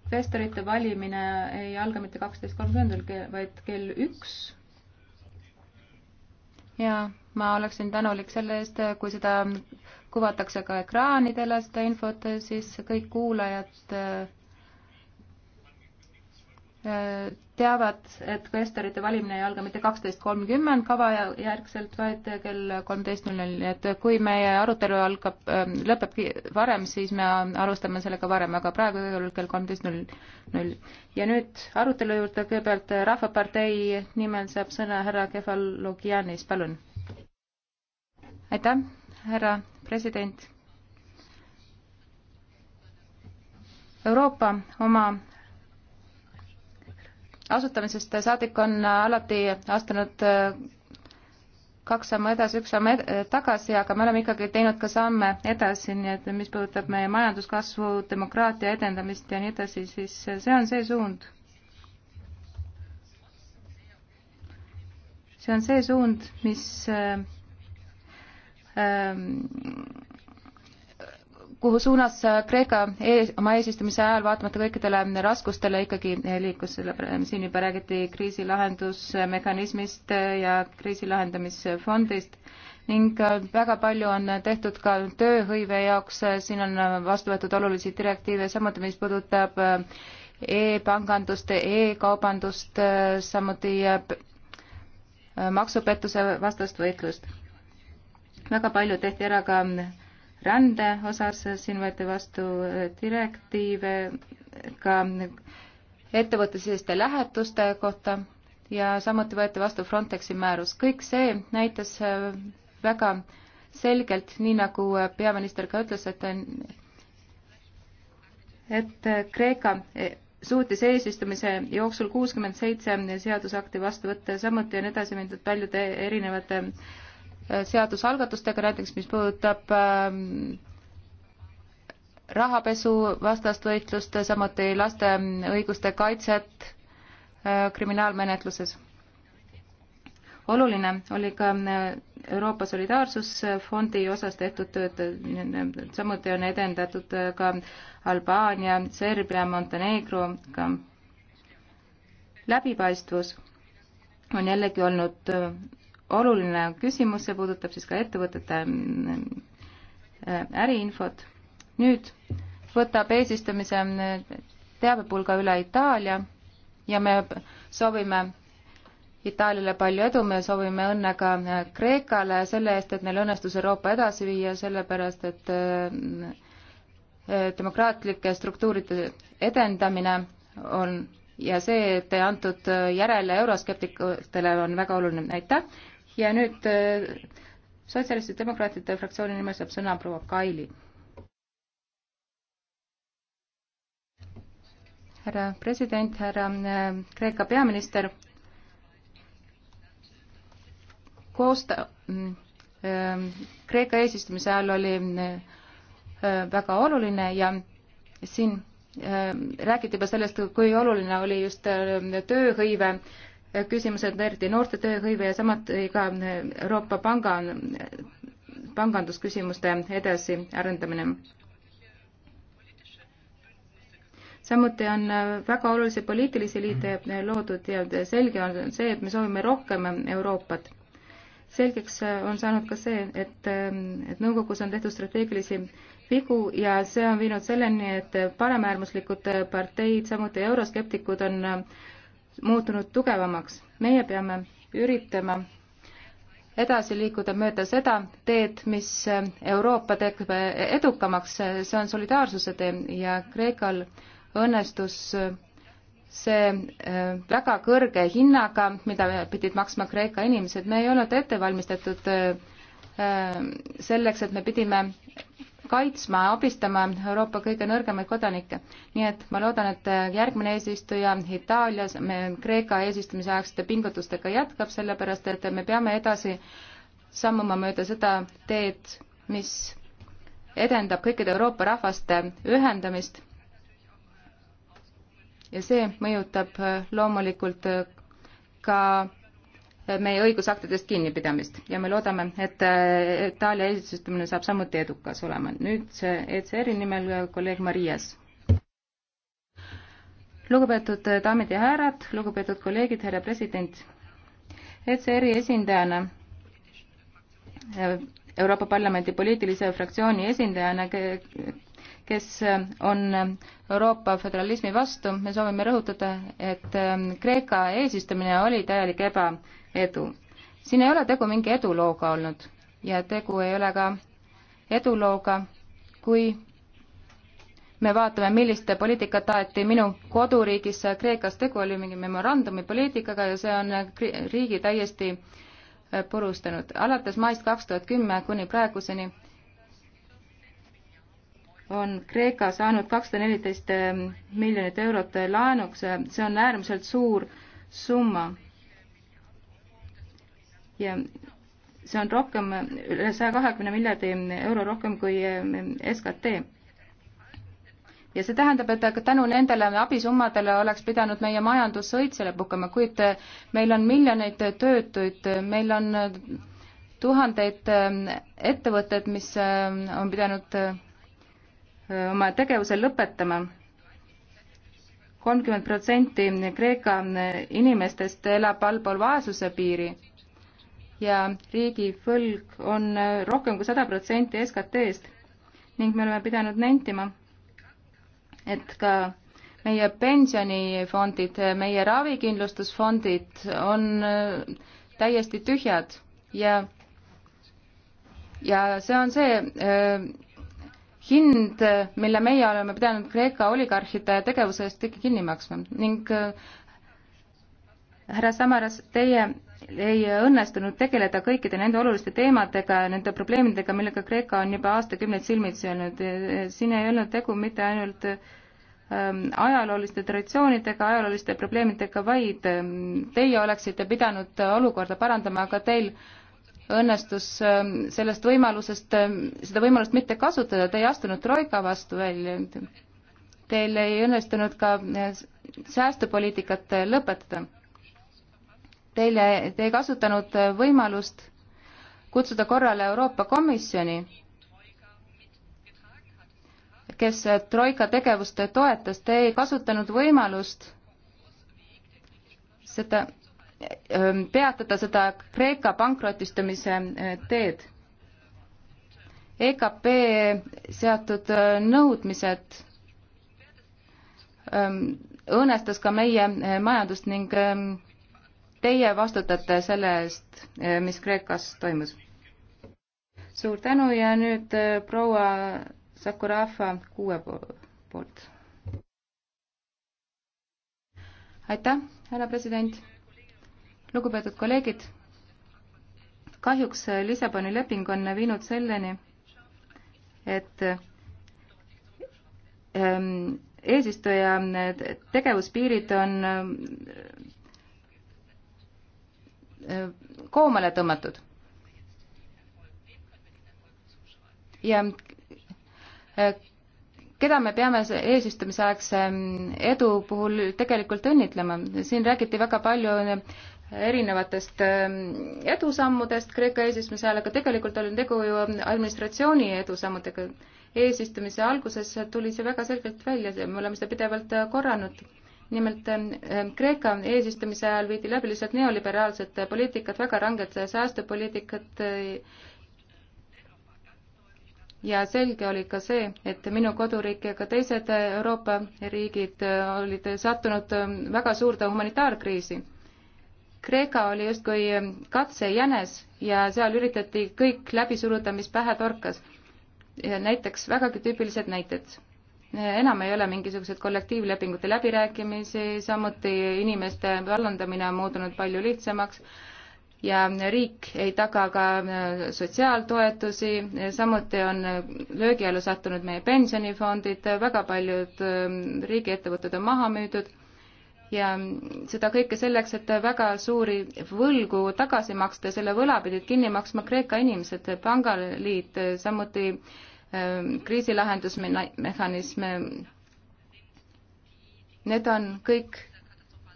kvestorite valimine ei alga mitte kaksteist kolmkümmend, vaid kell üks. ja ma oleksin tänulik selle eest, kui seda kuvatakse ka ekraanidele, seda infot, siis kõik kuulajad äh, teavad, et kvestorite valimine ei alga mitte kaksteist kolmkümmend kava järgselt, vaid kell kolmteist null null, et kui meie arutelu algab, äh, lõpeb varem, siis me alustame sellega varem, aga praegu kell kolmteist null null. ja nüüd arutelu juurde kõigepealt Rahvapartei nimel saab sõna härra Kefalogianis, palun aitäh, härra president. Euroopa oma asutamisest saadik on alati astunud äh, kaks sammu edasi, üks samm ed tagasi, aga me oleme ikkagi teinud ka samme edasi, nii et mis puudutab meie majanduskasvu, demokraatia edendamist ja nii edasi, siis see on see suund. see on see suund, mis äh, Ähm, kuhu suunas Kreeka ees, oma eesistumise ajal vaatamata kõikidele raskustele ikkagi liikus, selle, siin juba räägiti kriisilahendusmehhanismist ja kriisilahendamisfondist ning väga palju on tehtud ka tööhõive jaoks, siin on vastu võetud olulisi direktiive, samuti mis puudutab e-pangandust e, e-kaubandust, samuti maksupettuse vastast võitlust väga palju tehti ära ka rände osas, siin võeti vastu direktiive ka ettevõttesiseste lähetuste kohta ja samuti võeti vastu Frontexi määrus. kõik see näitas väga selgelt, nii nagu peaminister ka ütles, et et Kreeka suutis eesistumise jooksul kuuskümmend seitse seadusakti vastu võtta ja samuti on edasi mindud paljude erinevate äh, Äh, seadusalgatustega, näiteks mis puudutab ähm, rahapesu vastast võitlust, samuti laste õiguste kaitset äh, kriminaalmenetluses. oluline oli ka äh, Euroopa Solidaarsusfondi osas tehtud tööd, samuti on edendatud ka Albaania, Serbia, Montenegroga. läbipaistvus on jällegi olnud oluline küsimus, see puudutab siis ka ettevõtete äh, äriinfot. nüüd võtab eesistumise äh, teabepulga üle Itaalia ja me soovime Itaaliale palju edu, me soovime õnne ka äh, Kreekale selle eest, et neil õnnestus Euroopa edasi viia, sellepärast et demokraatlike struktuuride edendamine on ja see, et antud järele euroskeptikutele on väga oluline. aitäh! ja nüüd äh, sotsialistide demokraatide fraktsiooni nimel saab sõna proua Kaili. härra president, härra äh, Kreeka peaminister, koosta-, mm, ähm, Kreeka eesistumise ajal oli äh, väga oluline ja siin ähm, räägiti juba sellest, kui oluline oli just tööhõive küsimused, eriti noorte tööhõive ja samuti ka Euroopa Panga, pangandusküsimuste edasiarendamine. samuti on väga olulisi poliitilisi liite loodud ja selge on see, et me soovime rohkem Euroopat. selgeks on saanud ka see, et, et nõukogus on tehtud strateegilisi vigu ja see on viinud selleni, et paremäärmuslikud parteid, samuti euroskeptikud on äh, muutunud tugevamaks. meie peame üritama edasi liikuda mööda seda teed, mis Euroopa teeb edukamaks, see on solidaarsuse tee ja Kreekal õnnestus see äh, väga kõrge hinnaga, mida pidid maksma Kreeka inimesed, me ei olnud ette valmistatud äh, äh, selleks, et me pidime kaitsma, abistama Euroopa kõige nõrgemaid kodanikke. nii et ma loodan, et järgmine eesistuja Itaalias, Kreeka eesistumise aegsete pingutustega jätkab, sellepärast et me peame edasi sammuma mööda seda teed, mis edendab kõikide Euroopa rahvaste ühendamist. ja see mõjutab loomulikult ka meie õigusaktidest kinnipidamist ja me loodame, et äh, Itaalia eesistumine saab samuti edukas olema. nüüd ECR-i nimel äh, kolleeg Marias. lugupeetud äh, daamid ja härrad, lugupeetud kolleegid, härra president. ECR-i esindajana Euroopa Parlamendi poliitilise fraktsiooni esindajana, kes on Euroopa föderalismi vastu, me soovime rõhutada, et Kreeka eesistumine oli täielik eba edu. siin ei ole tegu mingi edulooga olnud ja tegu ei ole ka edulooga, kui me vaatame, millist poliitikat aeti minu koduriigis Kreekas, tegu oli mingi memorandumi poliitikaga ja see on riigi täiesti äh, purustanud. alates maist kaks tuhat kümme kuni praeguseni on Kreeka saanud kakssada neliteist äh, miljonit eurot äh, laenuks, see on äärmiselt suur summa ja see on rohkem, üle saja kahekümne miljardi euro rohkem kui ähm, SKT. ja see tähendab, et ka tänu nendele abisummadele oleks pidanud meie majandus õitsele puhkema, kuid äh, meil on miljoneid töötuid, meil on äh, tuhandeid ähm, ettevõtteid, mis ähm, on pidanud äh, oma tegevuse lõpetama. kolmkümmend protsenti Kreeka inimestest elab allpool vaesuse piiri ja riigivõlg on äh, rohkem kui sada protsenti SKT-st ning me oleme pidanud nentima, et ka meie pensionifondid, meie ravikindlustusfondid on äh, täiesti tühjad ja, ja see on see äh, hind, mille meie oleme pidanud Kreeka oligarhide tegevuse eest ikka kinni maksma ning äh, härra Samaras, teie ei õnnestunud tegeleda kõikide nende oluliste teemadega, nende probleemidega, millega Kreeka on juba aastakümneid silmitsi olnud. siin ei olnud tegu mitte ainult ähm, ajalooliste traditsioonidega, ajalooliste probleemidega, vaid ähm, teie oleksite pidanud olukorda parandama, aga teil õnnestus ähm, sellest võimalusest, seda võimalust mitte kasutada, te ei astunud Troika vastu välja. Teil ei õnnestunud ka äh, säästupoliitikat lõpetada teile, te ei kasutanud võimalust kutsuda korrale Euroopa Komisjoni, kes Troika tegevust toetas, te ei kasutanud võimalust seda, ähm, peatada seda Kreeka pankrotistumise äh, teed. EKP seatud äh, nõudmised ähm, õõnestas ka meie äh, majandust ning ähm, Teie vastutate selle eest, mis Kreekas toimus. suur tänu ja nüüd äh, proua Sakurafa kuue poolt. aitäh, härra president. lugupeetud kolleegid. kahjuks äh, Lissaboni leping on viinud selleni, et ähm, eesistuja äh, tegevuspiirid on koomale tõmmatud. ja äh, keda me peame eesistumisaegse ähm, edu puhul tegelikult õnnitlema, siin räägiti väga palju äh, erinevatest ähm, edusammudest Kreeka eesistumise ajal, aga tegelikult oli tegu ju administratsiooni edusammudega. eesistumise alguses tuli see väga selgelt välja, me oleme seda pidevalt äh, korranud nimelt ähm, ähm, Kreeka eesistumise ajal viidi läbi lihtsalt neoliberaalsed äh, poliitikad, väga ranged äh, säästupoliitikad äh, ja selge oli ka see, et minu koduriik ja ka teised Euroopa riigid olid sattunud ähm, väga suurde humanitaarkriisi. Kreeka oli justkui katsejänes ja seal üritati kõik läbi suruda, mis pähe torkas. näiteks vägagi tüüpilised näited enam ei ole mingisuguseid kollektiivlepingute läbirääkimisi, samuti inimeste vallandamine on muutunud palju lihtsamaks ja riik ei taga ka äh, sotsiaaltoetusi, samuti on äh, löögi alla sattunud meie pensionifondid, väga paljud ähm, riigiettevõtted on maha müüdud ja mm, seda kõike selleks, et väga suuri võlgu tagasi maksta, selle võla pidid kinni maksma Kreeka inimesed, pangaliit, samuti äh, Ehm, kriisilahendusmehhanisme. Need on kõik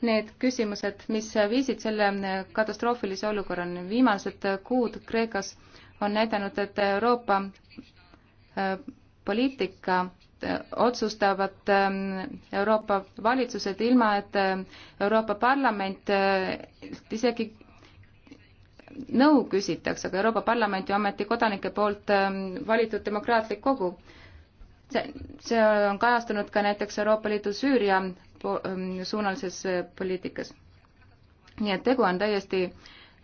need küsimused, mis viisid selle katastroofilise olukorrani. viimased kuud Kreekas on näidanud, et Euroopa ehm, poliitika ehm, otsustavad Euroopa valitsused ilma, et Euroopa Parlament isegi nõu küsitakse, aga Euroopa Parlament ju ometi kodanike poolt ähm, valitud demokraatlik kogu. see, see on kajastunud ka näiteks Euroopa Liidu Süüria ähm, suunalises äh, poliitikas. nii et tegu on täiesti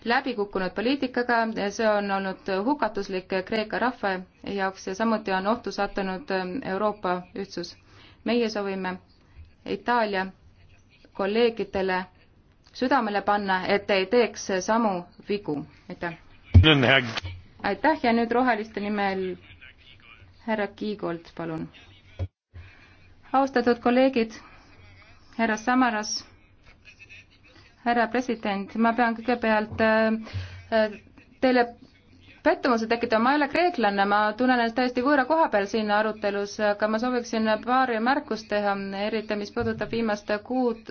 läbikukkunud poliitikaga, see on olnud hukatuslik Kreeka rahva jaoks ja samuti on ohtu sattunud ähm, Euroopa ühtsus. meie soovime Itaalia kolleegidele südamele panna, et ei teeks samu vigu. aitäh! aitäh ja nüüd Roheliste nimel härra Kiigolt, palun. austatud kolleegid, härra Samaras, härra president, ma pean kõigepealt äh, äh, teile pettumuse tekitav, ma ei ole kreeklane, ma tunnen ennast täiesti võõra koha peal siin arutelus, aga ma sooviksin paari märkust teha, eriti mis puudutab viimaste kuud,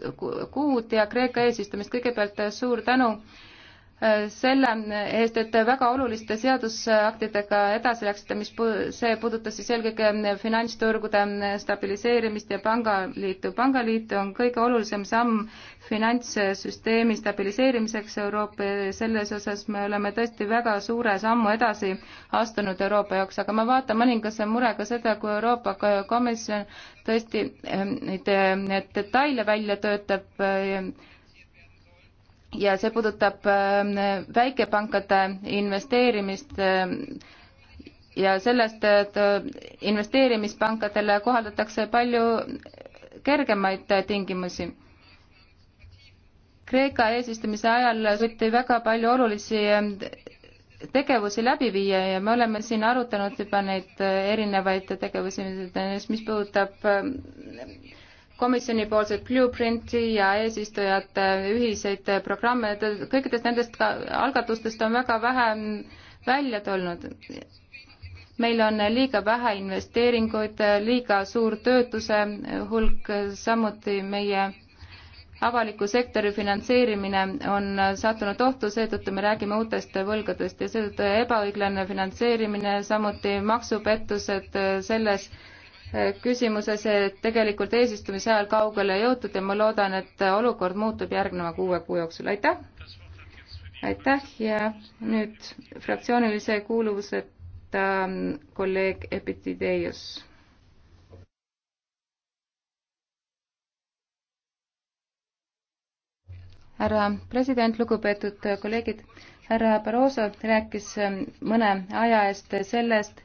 kuud ja Kreeka eesistumist. kõigepealt suur tänu äh, Äh, selle eest, et väga oluliste seadusaktidega edasi läksite, mis pu-, see puudutas siis eelkõige ähm, finantsturgude ähm, stabiliseerimist ja pangaliitu. pangaliit on kõige olulisem samm finantssüsteemi stabiliseerimiseks Euroopa ja selles osas me oleme tõesti väga suure sammu edasi astunud Euroopa jaoks, aga ma vaatan mõningase murega seda, kui Euroopa Komisjon tõesti ähm, neid äh, detaile välja töötab äh, ja see puudutab ähm, väikepankade investeerimist ähm, ja sellest, et äh, investeerimispankadele kohaldatakse palju kergemaid äh, tingimusi. Kreeka eesistumise ajal suuti väga palju olulisi ähm, tegevusi läbi viia ja me oleme siin arutanud juba neid äh, erinevaid tegevusi, mis puudutab komisjonipoolset blueprinti ja eesistujate ühiseid programme, kõikidest nendest algatustest on väga vähe välja tulnud. meil on liiga vähe investeeringuid, liiga suur töötuse hulk, samuti meie avaliku sektori finantseerimine on sattunud ohtu, seetõttu me räägime uutest võlgadest ja seetõttu ebaõiglane finantseerimine, samuti maksupettused selles küsimuses tegelikult eesistumise ajal kaugele jõutud ja ma loodan, et olukord muutub järgneva kuue kuu jooksul, aitäh! aitäh ja nüüd fraktsioonilise kuuluvuseta ähm, kolleeg Epitideios. härra president, lugupeetud kolleegid, härra Barroso rääkis ähm, mõne aja eest sellest,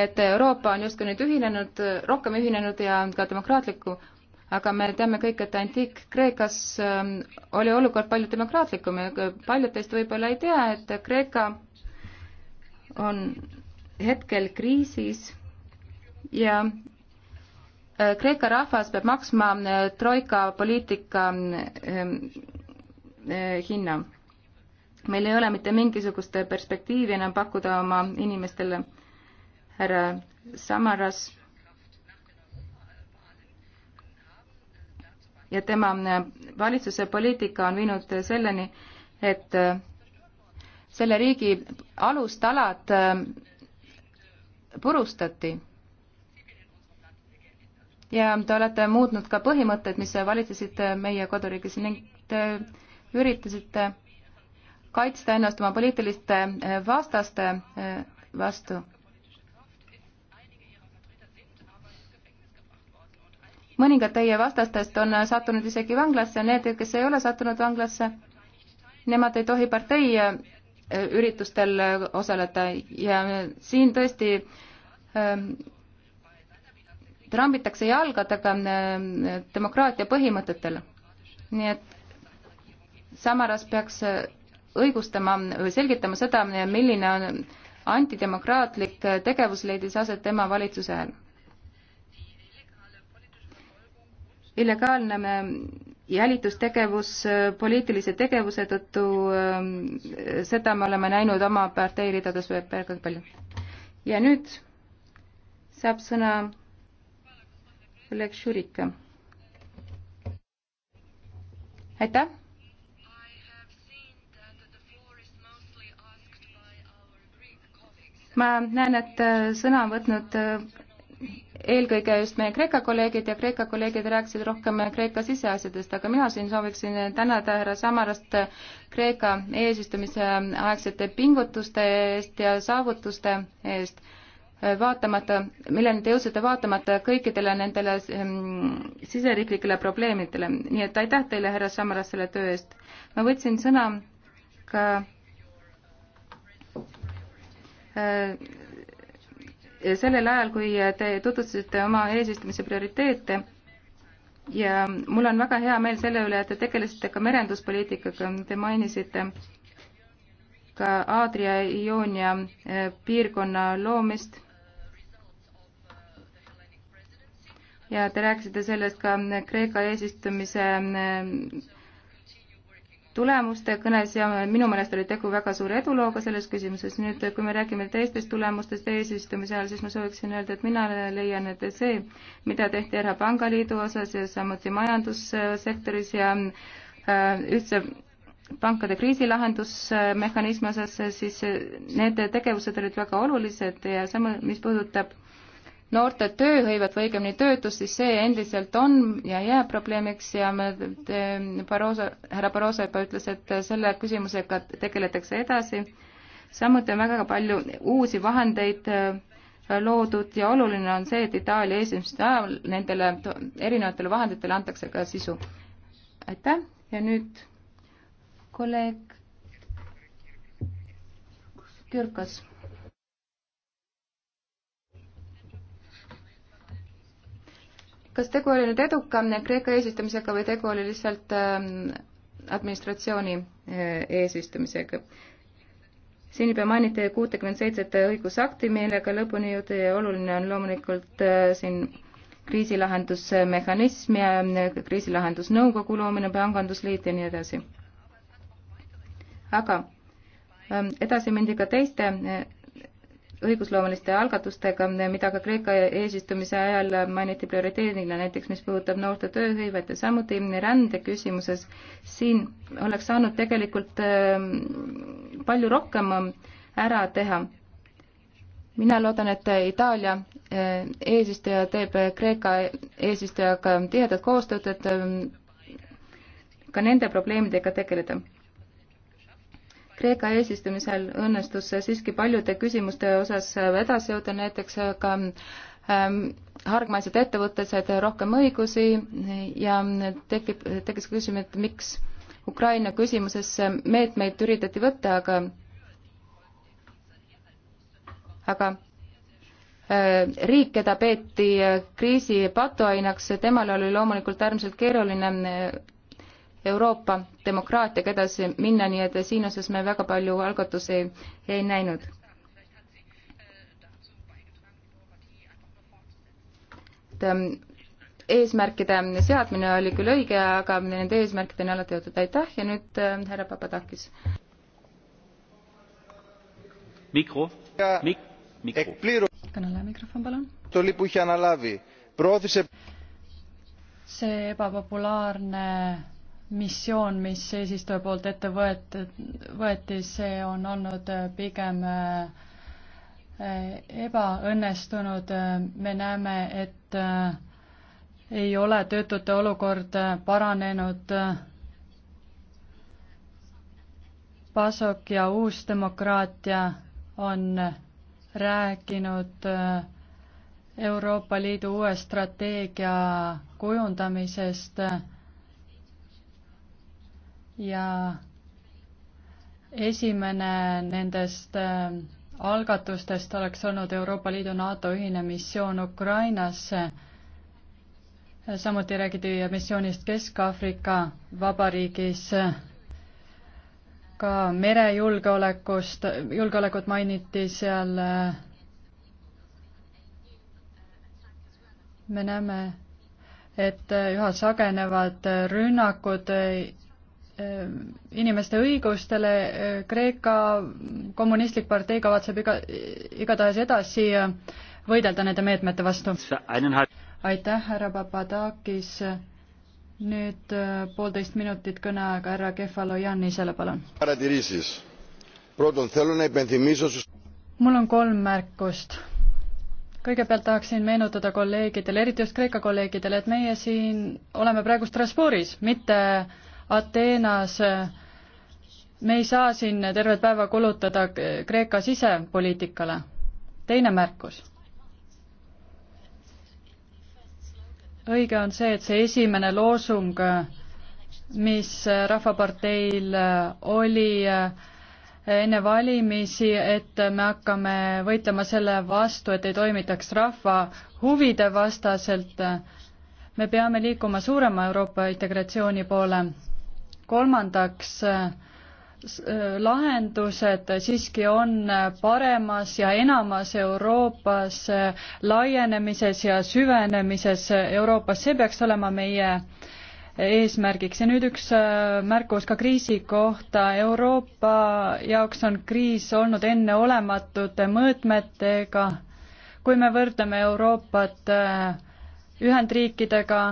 et Euroopa on justkui nüüd ühinenud, rohkem ühinenud ja ka demokraatliku, aga me teame kõik, et antiik-Kreekas ähm, oli olukord palju demokraatlikum ja paljud teist võib-olla ei tea, et Kreeka on hetkel kriisis ja äh, Kreeka rahvas peab maksma äh, troika poliitika ähm, äh, hinna. meil ei ole mitte mingisugust perspektiivi enam pakkuda oma inimestele härra Samaras ja tema valitsuse poliitika on viinud selleni, et selle riigi alustalad purustati. ja te olete muutnud ka põhimõtted, mis valitsesid meie koduriigis ning te üritasite kaitsta ennast oma poliitiliste vastaste vastu mõningad teie vastastest on sattunud isegi vanglasse, need, kes ei ole sattunud vanglasse, nemad ei tohi partei äh, üritustel osaleda ja siin tõesti ähm, trambitakse jalgadega äh, demokraatia põhimõtetel. nii et Samaras peaks äh, õigustama või selgitama seda, milline on antidemokraatlik tegevus leidis aset tema valitsuse ajal illegaalne äh, jälitustegevus äh, poliitilise tegevuse tõttu, ähm, seda me oleme näinud oma partei ridades väga palju. ja nüüd saab sõna kolleeg Šurika. aitäh. ma näen, et äh, sõna on võtnud eelkõige just meie Kreeka kolleegid ja Kreeka kolleegid rääkisid rohkem Kreeka siseasjadest, aga mina siin sooviksin tänada härra Samarast Kreeka eesistumise aegsete pingutuste eest ja saavutuste eest, vaatamata, milleni te jõudsite, vaatamata kõikidele nendele ehm, siseriiklikele probleemidele. nii et aitäh teile, härra Samaras, selle töö eest. ma võtsin sõna ka äh, sellel ajal, kui te tutvustasite oma eesistumise prioriteete ja mul on väga hea meel selle üle, et te tegelesite ka merenduspoliitikaga, te mainisite ka Aadria-Ioonia eh, piirkonna loomist ja te rääkisite sellest ka Kreeka eesistumise eh, tulemuste kõnes ja minu meelest oli tegu väga suure edulooga selles küsimuses. nüüd, kui me räägime teistest tulemustest eesistumise ajal, siis ma sooviksin öelda, et mina leian, et see, mida tehti ära Pangaliidu osas ja samuti majandussektoris ja äh, üldse pankade kriisilahendusmehhanismi osas, siis need tegevused olid väga olulised ja sama, mis puudutab noorte tööhõivet või õigemini töötust, siis see endiselt on ja jääb probleemiks ja me, Barroso, härra Barroso juba ütles, et selle küsimusega tegeletakse edasi. samuti on väga palju uusi vahendeid äh, loodud ja oluline on see, et Itaalia esimesel ajal nendele erinevatele vahenditele antakse ka sisu. aitäh ja nüüd kolleeg Kürkas kas tegu oli nüüd eduka Kreeka eesistumisega või tegu oli lihtsalt ähm, administratsiooni äh, eesistumisega? siin juba mainiti kuutekümmet seitset õigusakti, millega lõpuni jõuda ja oluline on loomulikult äh, siin kriisilahendusmehhanism ja äh, kriisilahendusnõukogu loomine, pangandusliit ja nii edasi. aga ähm, edasi mindi ka teiste õigusloomeliste algatustega, mida ka Kreeka eesistumise ajal mainiti prioriteedina, näiteks mis puudutab noorte tööhõivet ja samuti rände küsimuses, siin oleks saanud tegelikult ähm, palju rohkem ähm, ära teha. mina loodan, et Itaalia äh, eesistuja teeb Kreeka eesistujaga tihedat koostööd, et ähm, ka nende probleemidega tegeleda Kreeka eesistumisel õnnestus siiski paljude küsimuste osas edasi jõuda, näiteks ka ähm, hargmaised ettevõtted said rohkem õigusi ja tekib, tekkis küsimus, et miks Ukraina küsimuses meetmeid üritati võtta, aga aga äh, riik, keda peeti kriisi patuainaks, temal oli loomulikult äärmiselt keeruline äh, Euroopa demokraatiaga edasi minna, nii et siin osas me väga palju algatusi ei, ei näinud. et ähm, eesmärkide seadmine oli küll õige, aga nende eesmärkideni alati jõutud, aitäh ja nüüd ähm, härra Papadakis. mikro, mik-, mikro. kõneleja mikrofon, palun. see ebapopulaarne missioon, mis eesistuja poolt ette võet-, võeti, see on olnud äh, pigem äh, ebaõnnestunud, me näeme, et äh, ei ole töötute olukord paranenud. Pasok ja Uus Demokraatia on rääkinud Euroopa Liidu uue strateegia kujundamisest ja esimene nendest äh, algatustest oleks olnud Euroopa Liidu NATO ühine missioon Ukrainasse. samuti räägiti missioonist Kesk-Aafrika Vabariigis. ka merejulgeolekust, julgeolekut mainiti seal. me näeme, et üha sagenevad rünnakud Äh, inimeste õigustele, äh, Kreeka kommunistlik partei kavatseb iga, igatahes edasi äh, võidelda nende meetmete vastu. aitäh, härra Papadakis, nüüd poolteist minutit kõneaega härra Kefalojannisele, palun. mul on kolm märkust kõigepealt tahaksin meenutada kolleegidele, eriti just Kreeka kolleegidele, et meie siin oleme praegu Strasbourgis, mitte äh, Ateenas. me ei saa siin tervet päeva kulutada Kreeka sisepoliitikale. teine märkus. õige on see, et see esimene loosung, mis Rahvaparteil oli enne valimisi, et me hakkame võitlema selle vastu, et ei toimitaks rahva huvide vastaselt. me peame liikuma suurema Euroopa integratsiooni poole kolmandaks, lahendused siiski on paremas ja enamas Euroopas laienemises ja süvenemises Euroopas, see peaks olema meie eesmärgiks ja nüüd üks äh, märkus ka kriisi kohta. Euroopa jaoks on kriis olnud enneolematute mõõtmetega. kui me võrdleme Euroopat äh, Ühendriikidega,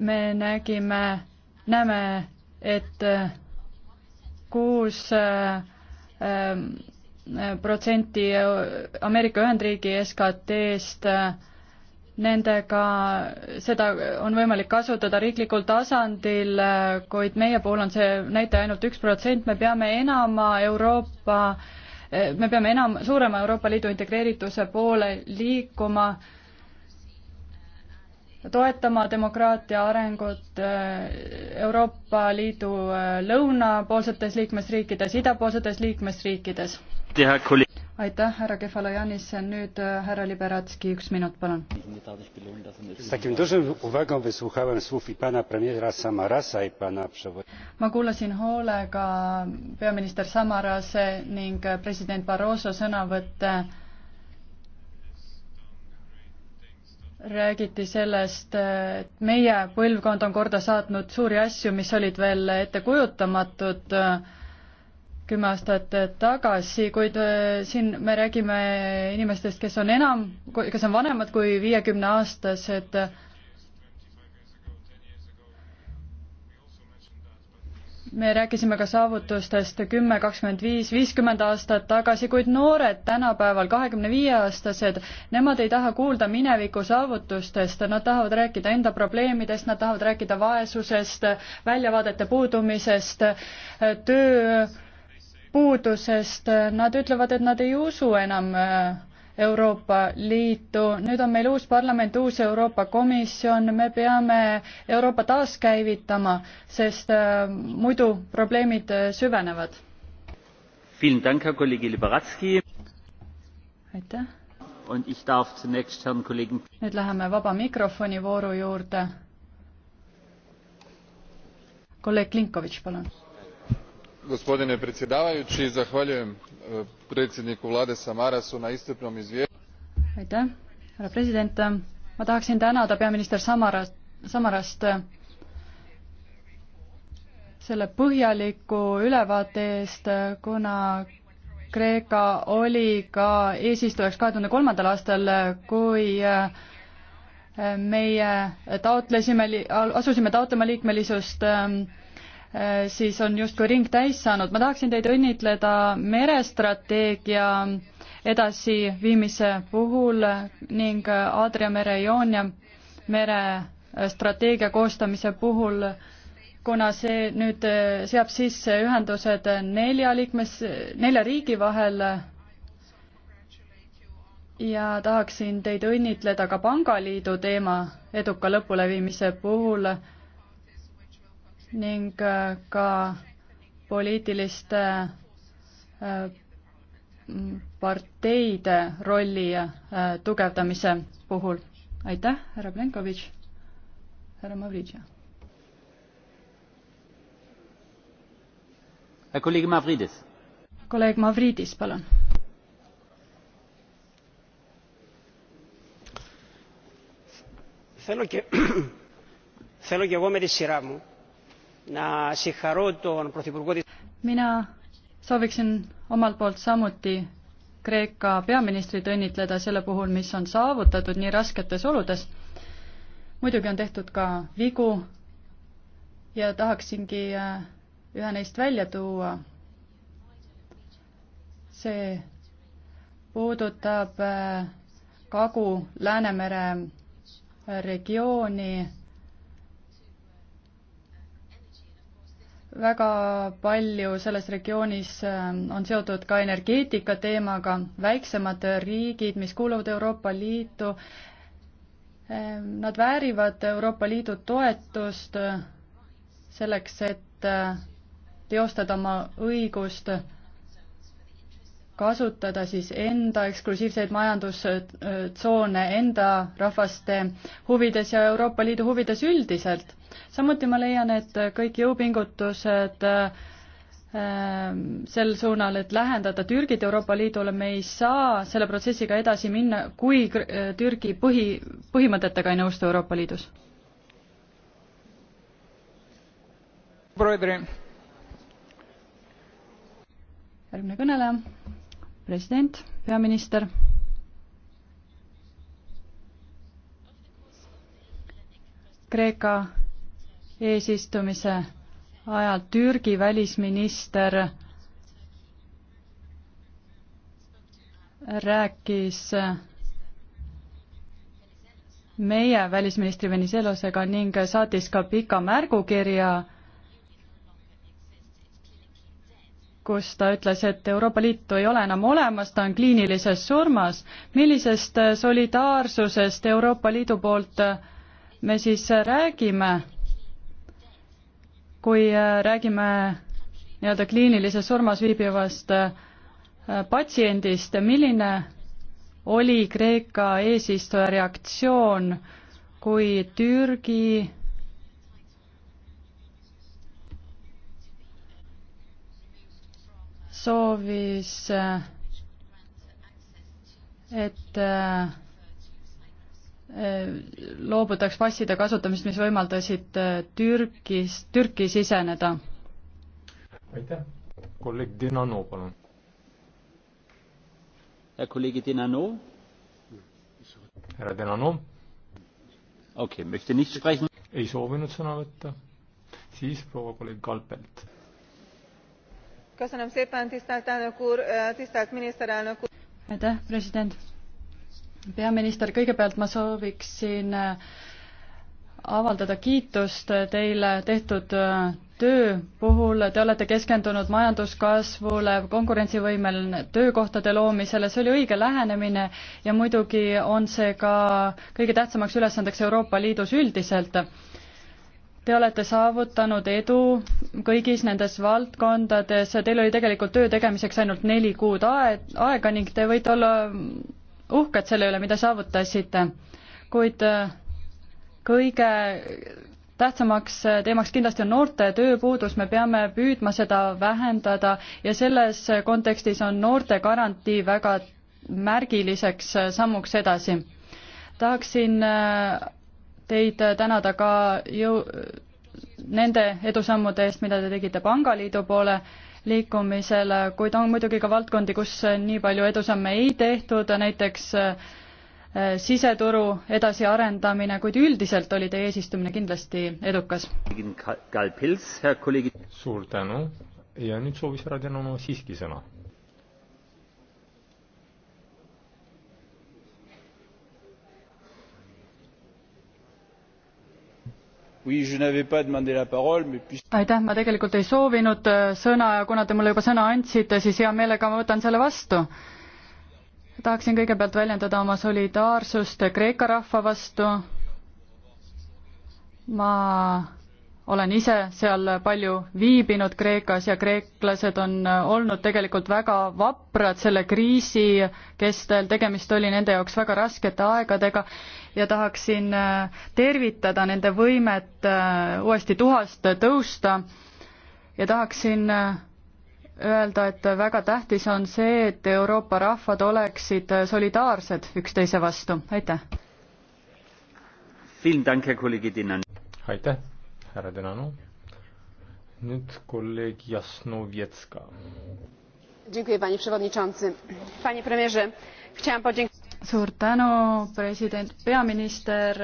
me nägime, näeme, et äh, kuus äh, äh, protsenti Ameerika Ühendriigi SKT-st nendega, seda on võimalik kasutada riiklikul tasandil, kuid meie puhul on see näitaja ainult üks protsent, me peame enama Euroopa, me peame enam, suurema Euroopa Liidu integreerituse poole liikuma toetama demokraatia arengut äh, Euroopa Liidu äh, lõunapoolsetes liikmesriikides, idapoolsetes liikmesriikides. aitäh, härra Kefalojanis, nüüd äh, härra Liberatski, üks minut, palun. ma kuulasin hoolega peaminister Samarase ning president Barroso sõnavõtte räägiti sellest, et meie põlvkond on korda saatnud suuri asju, mis olid veel ettekujutamatud äh, kümme aastat tagasi, kuid äh, siin me räägime inimestest, kes on enam, kes on vanemad kui viiekümneaastased me rääkisime ka saavutustest kümme, kakskümmend viis, viiskümmend aastat tagasi, kuid noored tänapäeval, kahekümne viie aastased, nemad ei taha kuulda mineviku saavutustest, nad tahavad rääkida enda probleemidest, nad tahavad rääkida vaesusest, väljavaadete puudumisest, töö puudusest, nad ütlevad, et nad ei usu enam äh, Euroopa Liitu. nüüd on meil uus parlament, uus Euroopa Komisjon, me peame Euroopa taaskäivitama, sest äh, muidu probleemid äh, süvenevad. aitäh. nüüd läheme vaba mikrofoni vooru juurde. kolleeg Klinkovitš, palun. gospodine predsjedavajui, zahvaljujem predsjedniku vlade Samarasu na iscrpnom izvješću. aitäh, härra president, ma tahaksin tänada peaminister Samaras, Samarast äh, selle põhjaliku ülevaate eest, äh, kuna Kreeka oli ka eesistujaks kahe tuhande kolmandal aastal, äh, kui meie taotlesime, asusime taotlema liikmelisust ähm, Äh, siis on justkui ring täis saanud. ma tahaksin teid õnnitleda merestrateegia edasiviimise puhul ning äh, Aadria mere, Joonia mere äh, strateegia koostamise puhul, kuna see nüüd seab sisse ühendused nelja liikmes, nelja riigi vahel ja tahaksin teid õnnitleda ka Pangaliidu teema eduka lõpuleviimise puhul ning äh, ka poliitiliste äh, parteide rolli äh, tugevdamise puhul. aitäh, härra Plenkovitš, härra Mavridža. kolleeg Mavridis. kolleeg Mavridis, palun. θέλω και εγώ με τη σειρά μου mina sooviksin omalt poolt samuti Kreeka peaministrit õnnitleda selle puhul, mis on saavutatud nii rasketes oludes. muidugi on tehtud ka vigu ja tahaksingi äh, ühe neist välja tuua. see puudutab äh, Kagu-Läänemere regiooni väga palju selles regioonis äh, on seotud ka energeetika teemaga, väiksemad riigid, mis kuuluvad Euroopa Liitu, äh, nad väärivad Euroopa Liidu toetust äh, selleks, et teostada oma õigust kasutada siis enda eksklusiivseid majandustsoone enda rahvaste huvides ja Euroopa Liidu huvides üldiselt samuti ma leian, et kõik jõupingutused ähm, sel suunal, et lähendada Türgit Euroopa Liidule, me ei saa selle protsessiga edasi minna, kui äh, Türgi põhi, põhimõtetega ei nõustu Euroopa Liidus. järgmine kõneleja, president, peaminister Kreeka eesistumise ajal Türgi välisminister rääkis meie välisministri Venizelosega ning saatis ka pika märgukirja, kus ta ütles, et Euroopa Liitu ei ole enam olemas, ta on kliinilises surmas. millisest solidaarsusest Euroopa Liidu poolt me siis räägime? kui äh, räägime nii-öelda kliinilises surmas viibivast äh, patsiendist, milline oli Kreeka eesistuja reaktsioon, kui Türgi soovis, äh, et loobutaks passide kasutamist, mis võimaldasid äh, Türgis, Türki siseneda. aitäh, kolleeg Dinano, palun. Äh, kolleeg Dinano. härra Dinano. okei okay,, möchte nicht sprechen. ei soovinud sõna võtta. siis proua kolleeg Kalpelt. köszönöm szépen, tisztelt elnök úr, tisztelt miniszterelnök úr. aitäh, president peaminister, kõigepealt ma sooviksin äh, avaldada kiitust äh, teile tehtud äh, töö puhul, te olete keskendunud majanduskasvule, konkurentsivõimel töökohtade loomisele, see oli õige lähenemine ja muidugi on see ka kõige tähtsamaks ülesandeks Euroopa Liidus üldiselt. Te olete saavutanud edu kõigis nendes valdkondades, teil oli tegelikult töö tegemiseks ainult neli kuud aeg, aega ning te võite olla uhked selle üle, mida saavutasite, kuid äh, kõige tähtsamaks äh, teemaks kindlasti on noorte tööpuudus, me peame püüdma seda vähendada ja selles kontekstis on noorte garantii väga märgiliseks äh, sammuks edasi. tahaksin teid tänada ka jõu-, nende edusammude eest, mida te tegite Pangaliidu poole liikumisel, kuid on muidugi ka valdkondi, kus nii palju edusamme ei tehtud, näiteks äh, siseturu edasiarendamine, kuid üldiselt oli teie eesistumine kindlasti edukas. suur tänu ja nüüd soovis härra Denonov siiski sõna aitäh, ma tegelikult ei soovinud äh, sõna ja kuna te mulle juba sõna andsite, siis hea meelega ma võtan selle vastu. tahaksin kõigepealt väljendada oma solidaarsust Kreeka rahva vastu. ma olen ise seal palju viibinud Kreekas ja kreeklased on äh, olnud tegelikult väga vaprad selle kriisi kestel, tegemist oli nende jaoks väga raskete aegadega ja tahaksin äh, tervitada nende võimet äh, uuesti tuhast tõusta ja tahaksin äh, öelda, et väga tähtis on see, et Euroopa rahvad oleksid solidaarsed üksteise vastu, aitäh! aitäh, härra Denanu! nüüd kolleeg Jasnowiecka. panie przewodniczący! panie premierze! chciałam podziękować suur tänu, president, peaminister,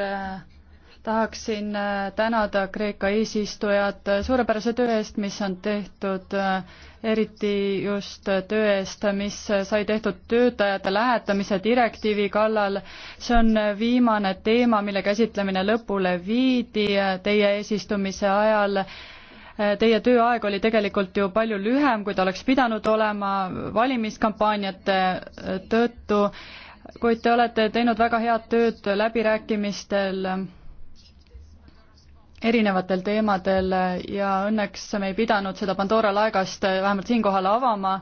tahaksin äh, tänada Kreeka eesistujat äh, suurepärase töö eest, mis on tehtud, äh, eriti just töö eest, mis sai tehtud töötajate lähetamise direktiivi kallal. see on viimane teema, mille käsitlemine lõpule viidi teie eesistumise ajal teie tööaeg oli tegelikult ju palju lühem, kui ta oleks pidanud olema valimiskampaaniate tõttu kuid te olete teinud väga head tööd läbirääkimistel erinevatel teemadel ja õnneks me ei pidanud seda Pandora laegast vähemalt siinkohal avama.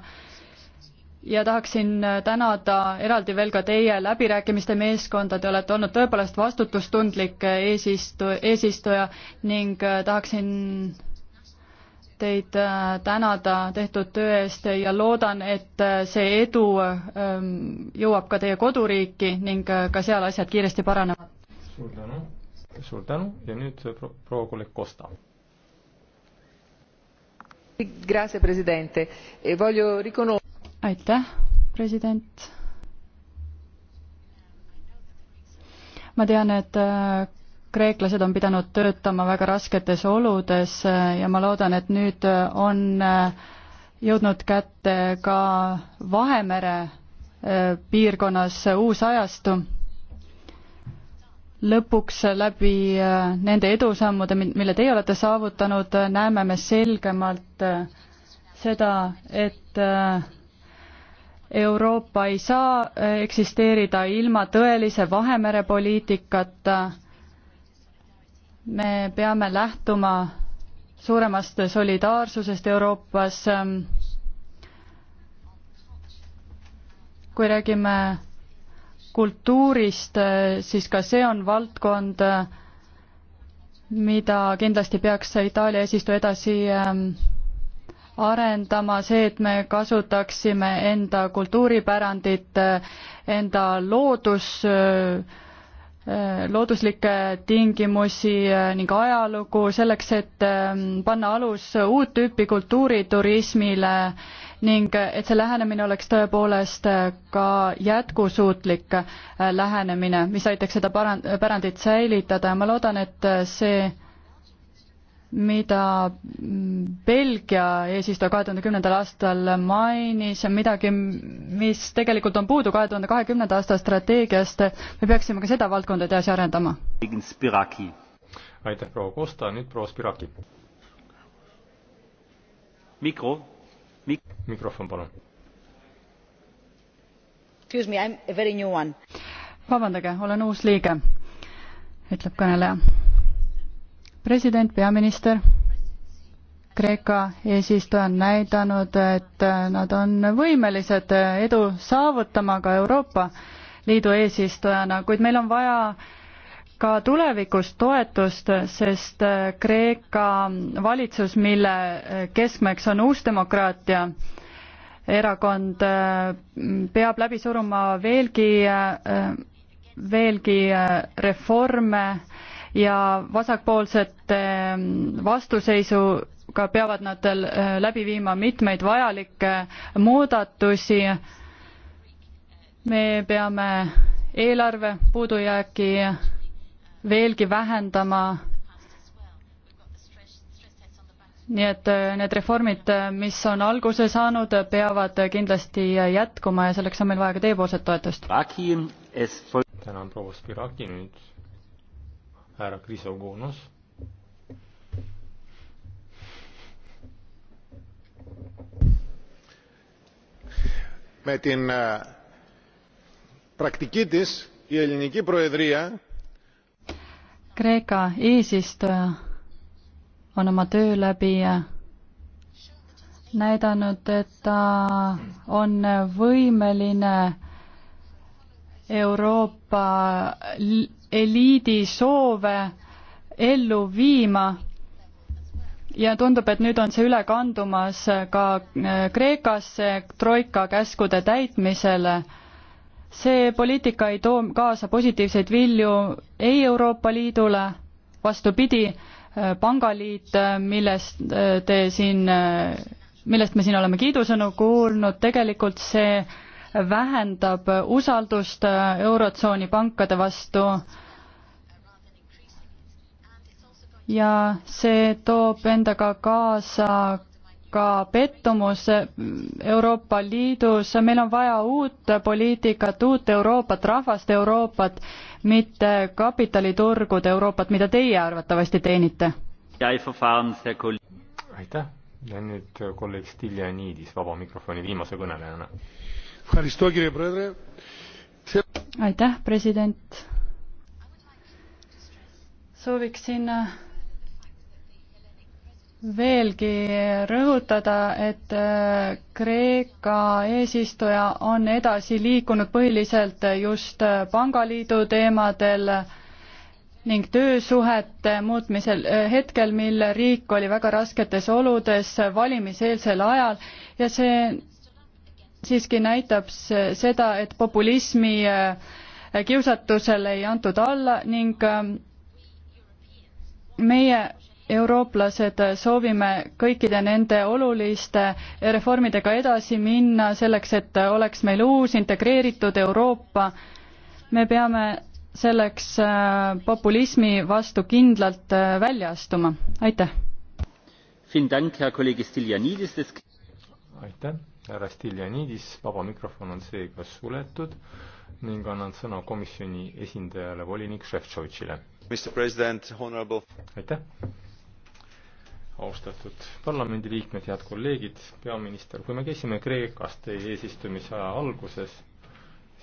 ja tahaksin tänada eraldi veel ka teie läbirääkimiste meeskonda, te olete olnud tõepoolest vastutustundlik eesistu-, eesistuja ning tahaksin teid äh, tänada tehtud töö eest ja loodan, et äh, see edu ähm, jõuab ka teie koduriiki ning äh, ka seal asjad kiiresti paranevad. suur tänu, suur tänu ja nüüd proua kolleeg Kosta. E aitäh, president. ma tean, et kreeklased on pidanud töötama väga rasketes oludes äh, ja ma loodan, et nüüd äh, on äh, jõudnud kätte ka Vahemere piirkonnas uus ajastu. lõpuks läbi nende edusammude, mille teie olete saavutanud, näeme me selgemalt seda, et Euroopa ei saa eksisteerida ilma tõelise Vahemere poliitikata me peame lähtuma suuremast solidaarsusest Euroopas. kui räägime kultuurist, siis ka see on valdkond, mida kindlasti peaks Itaalia eesistuja edasi ähm, arendama, see, et me kasutaksime enda kultuuripärandit, äh, enda loodus äh, Äh, looduslikke tingimusi äh, ning ajalugu selleks, et ähm, panna alus uut tüüpi kultuuriturismile ning äh, et see lähenemine oleks tõepoolest ka jätkusuutlik lähenemine, mis aitaks seda pärandit säilitada ja ma loodan, et see mida Belgia eesistuja kahe tuhande kümnendal aastal mainis, on midagi, mis tegelikult on puudu kahe tuhande kahekümnenda aasta strateegiast. me peaksime ka seda valdkonda edasi arendama. aitäh, proua Kosta, nüüd proua Spiraki. mikro Mik. mikrofon, palun. Excuse me, I am a very new one. vabandage, olen uus liige, ütleb kõneleja president, peaminister, Kreeka eesistuja on näidanud, et nad on võimelised edu saavutama ka Euroopa Liidu eesistujana, kuid meil on vaja ka tulevikus toetust, sest Kreeka valitsus, mille keskmeks on uusdemokraatia, erakond peab läbi suruma veelgi, veelgi reforme ja vasakpoolsete ehm, vastuseisuga peavad nad ehm, läbi viima mitmeid vajalikke muudatusi. me peame eelarve puudujääki veelgi vähendama. nii et ehm, need reformid, mis on alguse saanud, peavad kindlasti jätkuma ja selleks on meil vaja ka teiepoolset toetust. tänan proua Spiraki nüüd härra Krisogonos. με την πρακτική της η ελληνική προεδρία Kreeka eesistuja on oma töö läbi näidanud, et ta on võimeline Euroopa eliidi soove ellu viima ja tundub, et nüüd on see üle kandumas ka äh, Kreekasse troika käskude täitmisele. see poliitika ei too kaasa positiivseid vilju ei Euroopa Liidule, vastupidi, äh, pangaliit, äh, millest te siin, millest me siin oleme kiidusõnu kuulnud, tegelikult see vähendab usaldust Eurotsooni pankade vastu ja see toob endaga kaasa ka pettumus Euroopa Liidus, meil on vaja uut poliitikat, uut Euroopat, rahvast Euroopat, mitte kapitaliturgude Euroopat, mida teie arvatavasti teenite. aitäh ja nüüd äh, kolleeg Stiljanidis vaba mikrofoni viimase kõnelejana. aitäh, president. sooviksin äh, veelgi rõhutada, et äh, Kreeka eesistuja on edasi liikunud põhiliselt just äh, pangaliidu teemadel ning töösuhete muutmisel äh, hetkel, mil riik oli väga rasketes oludes valimiseelsel ajal ja see siiski näitab seda, et populismi kiusatusele ei antud alla ning ähm, meie eurooplased soovime kõikide nende oluliste reformidega edasi minna selleks, et oleks meil uus integreeritud Euroopa. me peame selleks äh, populismi vastu kindlalt äh, välja astuma, aitäh. aitäh, härra Stiljanidis, vaba mikrofon on seega suletud ning annan sõna komisjoni esindajale, volinik Šeftšovitšile. aitäh austatud parlamendiliikmed, head kolleegid, peaminister, kui me käisime Kreekas teie eesistumise aja alguses,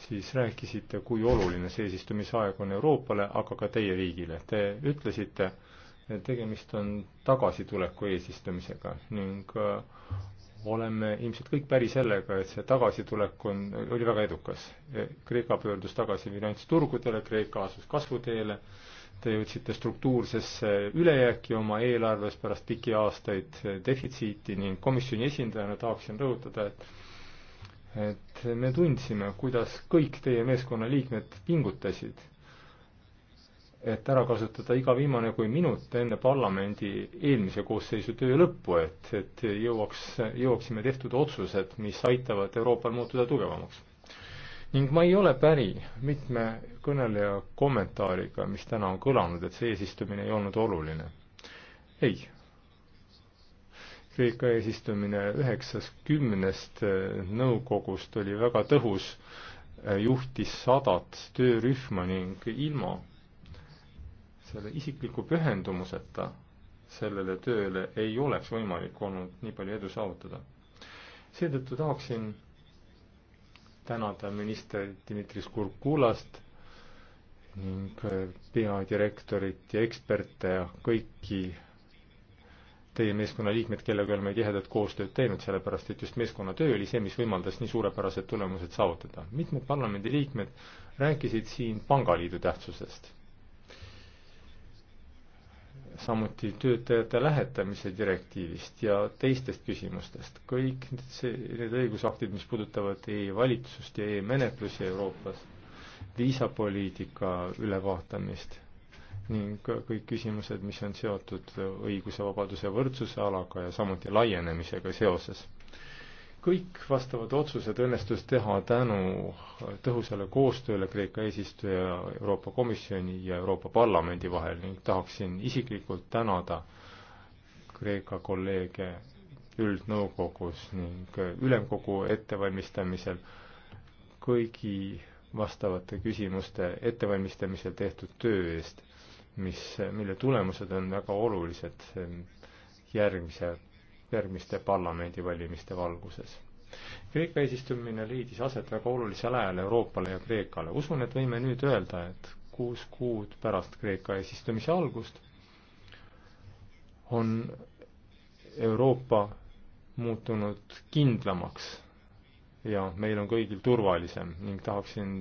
siis rääkisite, kui oluline see eesistumisaeg on Euroopale, aga ka teie riigile. Te ütlesite, et tegemist on tagasituleku eesistumisega ning äh, oleme ilmselt kõik päri sellega, et see tagasitulek on, oli väga edukas. Kreeka pöördus tagasi finantsturgudele, Kreeka asus kasvuteele Te jõudsite struktuursesse ülejääki oma eelarves pärast pikki aastaid defitsiiti ning komisjoni esindajana tahaksin rõhutada, et et me tundsime, kuidas kõik teie meeskonna liikmed pingutasid, et ära kasutada iga viimane kui minut enne parlamendi eelmise koosseisu töö lõppu, et, et jõuaks, jõuaksime tehtud otsused, mis aitavad Euroopal muutuda tugevamaks ning ma ei ole päri mitme kõneleja kommentaariga, mis täna on kõlanud, et see eesistumine ei olnud oluline. ei. Kreeka eesistumine üheksas kümnest äh, nõukogust oli väga tõhus, äh, juhtis sadat töörühma ning ilma selle isikliku pühendumuseta sellele tööle ei oleks võimalik olnud nii palju edu saavutada. seetõttu tahaksin tänada minister Dmitris Kurkulast ning eh, peadirektorit ja eksperte ja kõiki teie meeskonna liikmed, kellega oleme tihedat koostööd teinud, sellepärast et just meeskonnatöö oli see, mis võimaldas nii suurepärased tulemused saavutada. mitmed parlamendiliikmed rääkisid siin pangaliidu tähtsusest samuti töötajate lähetamise direktiivist ja teistest küsimustest. kõik see, need õigusaktid, mis puudutavad e-valitsust ja e-menetlusi Euroopas, viisapoliitika ülevaatamist ning kõik küsimused, mis on seotud õiguse, vabaduse ja võrdsuse alaga ja samuti laienemisega seoses kõik vastavad otsused õnnestus teha tänu tõhusale koostööle Kreeka eesistuja, Euroopa Komisjoni ja Euroopa Parlamendi vahel ning tahaksin isiklikult tänada Kreeka kolleege üldnõukogus ning ülemkogu ettevalmistamisel kõigi vastavate küsimuste ettevalmistamisel tehtud töö eest, mis, mille tulemused on väga olulised järgmise järgmiste parlamendivalimiste valguses. Kreeka eesistumine leidis aset väga olulisel ajal Euroopale ja Kreekale. usun, et võime nüüd öelda, et kuus kuud pärast Kreeka eesistumise algust on Euroopa muutunud kindlamaks ja meil on kõigil turvalisem ning tahaksin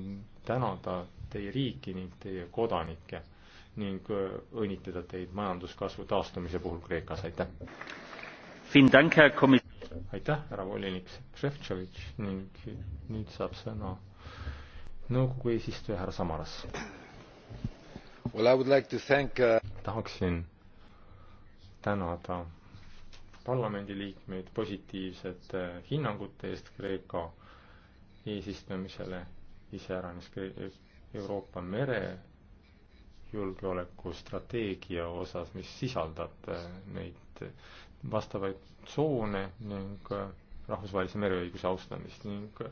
tänada teie riiki ning teie kodanikke ning õnnitleda teid majanduskasvu taastumise puhul Kreekas, aitäh! aitäh, härra volinik Šefčovitš ning nüüd saab sõna nõukogu eesistuja härra Samaras well,. Like thank... Uh, tahaksin tänada parlamendiliikmeid positiivsete hinnangute eest Kreeka eesistumisele, iseäranis Euroopa mere julgeolekustrateegia osas, mis sisaldab uh, neid vastavaid tsoone ning äh, rahvusvahelise mereõiguse austamist ning äh,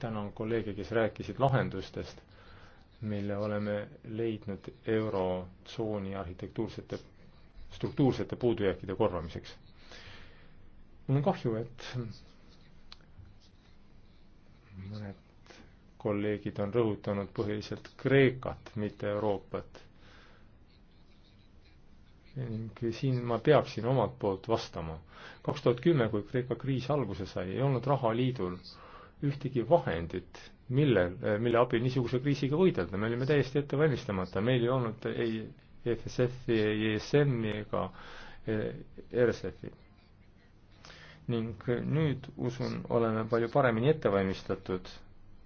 tänan kolleege, kes rääkisid lahendustest, mille oleme leidnud eurotsooni arhitektuursete, struktuursete puudujääkide korvamiseks. mul on kahju, et mõned kolleegid on rõhutanud põhiliselt Kreekat, mitte Euroopat ning siin ma peaksin omalt poolt vastama. kaks tuhat kümme, kui Kreeka kriis alguse sai, ei olnud rahaliidul ühtegi vahendit, mille, mille abil niisuguse kriisiga võidelda, me olime täiesti ette valmistamata, meil ei olnud ei EFSF-i, ei ESM-i ega e, e RSF-i. ning nüüd, usun, oleme palju paremini ette valmistatud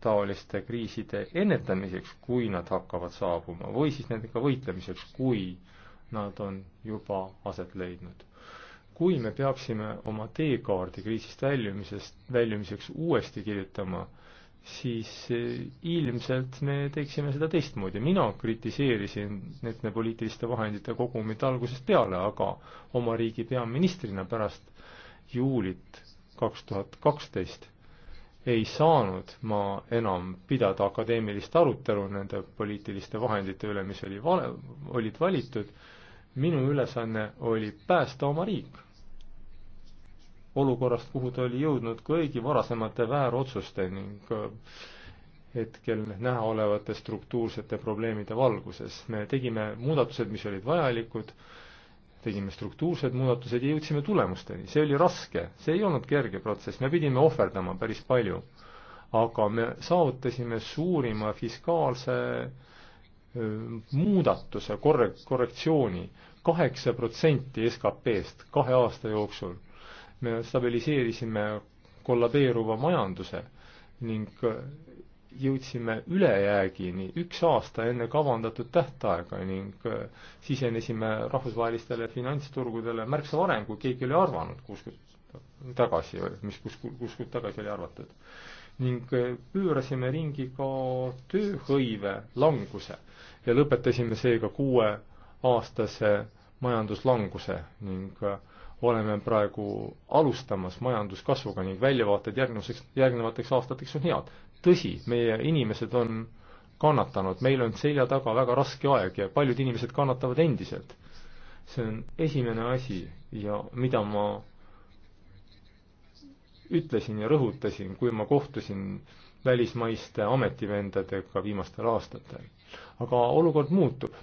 taoliste kriiside ennetamiseks, kui nad hakkavad saabuma, või siis nendega võitlemiseks, kui äh, nad on juba aset leidnud. kui me peaksime oma teekaardi kriisist väljumisest, väljumiseks uuesti kirjutama, siis eh, ilmselt me teeksime seda teistmoodi. mina kritiseerisin nende poliitiliste vahendite kogumit algusest peale, aga oma riigi peaministrina pärast juulit kaks tuhat kaksteist ei saanud ma enam pidada akadeemilist arutelu nende poliitiliste vahendite üle, mis oli vale, olid valitud minu ülesanne oli päästa oma riik olukorrast, kuhu ta oli jõudnud kõigi varasemate väärotsuste ning äh, hetkel näha olevate struktuursete probleemide valguses. me tegime muudatused, mis olid vajalikud, tegime struktuursed muudatused ja jõudsime tulemusteni. see oli raske, see ei olnud kerge protsess, me pidime ohverdama päris palju. aga me saavutasime suurima fiskaalse äh, muudatuse korrek-, korrektsiooni kaheksa protsenti SKP-st kahe aasta jooksul. me stabiliseerisime kollabeeruva majanduse ning jõudsime ülejäägini üks aasta enne kavandatud tähtaega ning sisenesime rahvusvahelistele finantsturgudele märksa varem, kui keegi oli arvanud, kuus kuud tagasi, mis kus, kuus kuud tagasi oli arvatud. ning pöörasime ringi ka tööhõive languse ja lõpetasime seega kuueaastase majanduslanguse ning äh, oleme praegu alustamas majanduskasvuga ning väljavaated järgnevuseks, järgnevateks aastateks on head. tõsi, meie inimesed on kannatanud, meil on selja taga väga raske aeg ja paljud inimesed kannatavad endiselt. see on esimene asi ja mida ma ütlesin ja rõhutasin, kui ma kohtusin välismaiste ametivendadega viimastel aastatel aga olukord muutub.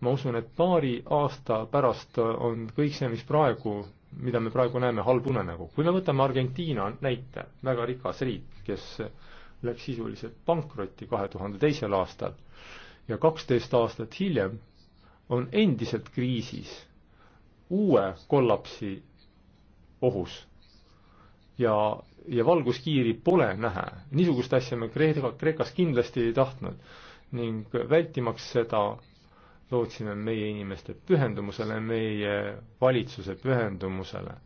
ma usun, et paari aasta pärast on kõik see, mis praegu, mida me praegu näeme, halb unenägu. kui me võtame Argentiina näite, väga rikas riik, kes läks sisuliselt pankrotti kahe tuhande teisel aastal ja kaksteist aastat hiljem on endiselt kriisis, uue kollapsi ohus ja, ja valguskiiri pole näha. niisugust asja me Kreeka, Kreekas kindlasti ei tahtnud ning vältimaks seda, lootsime meie inimeste pühendumusele, meie valitsuse pühendumusele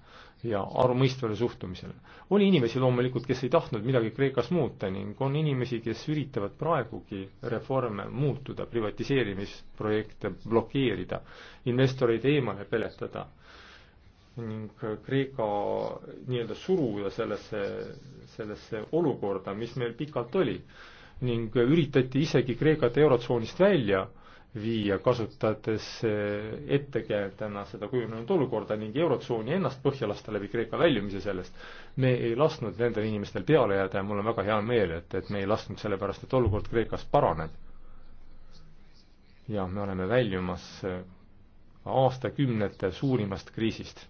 ja arumõistvale suhtumisele. oli inimesi loomulikult, kes ei tahtnud midagi Kreekas muuta ning on inimesi, kes üritavad praegugi reforme muutuda, privatiseerimisprojekte blokeerida, investoreid eemale peletada ning Kreeka nii-öelda suruda sellesse, sellesse olukorda, mis meil pikalt oli ning üritati isegi Kreekat Eurotsoonist välja viia, kasutades eh, ettekäändena seda kujunenud olukorda ning Eurotsooni ennast põhja lasta läbi Kreeka väljumise sellest. me ei lasknud nendel inimestel peale jääda ja mul on väga hea meel, et, et me ei lasknud sellepärast, et olukord Kreekas paraneb. ja me oleme väljumas eh, aastakümnete suurimast kriisist.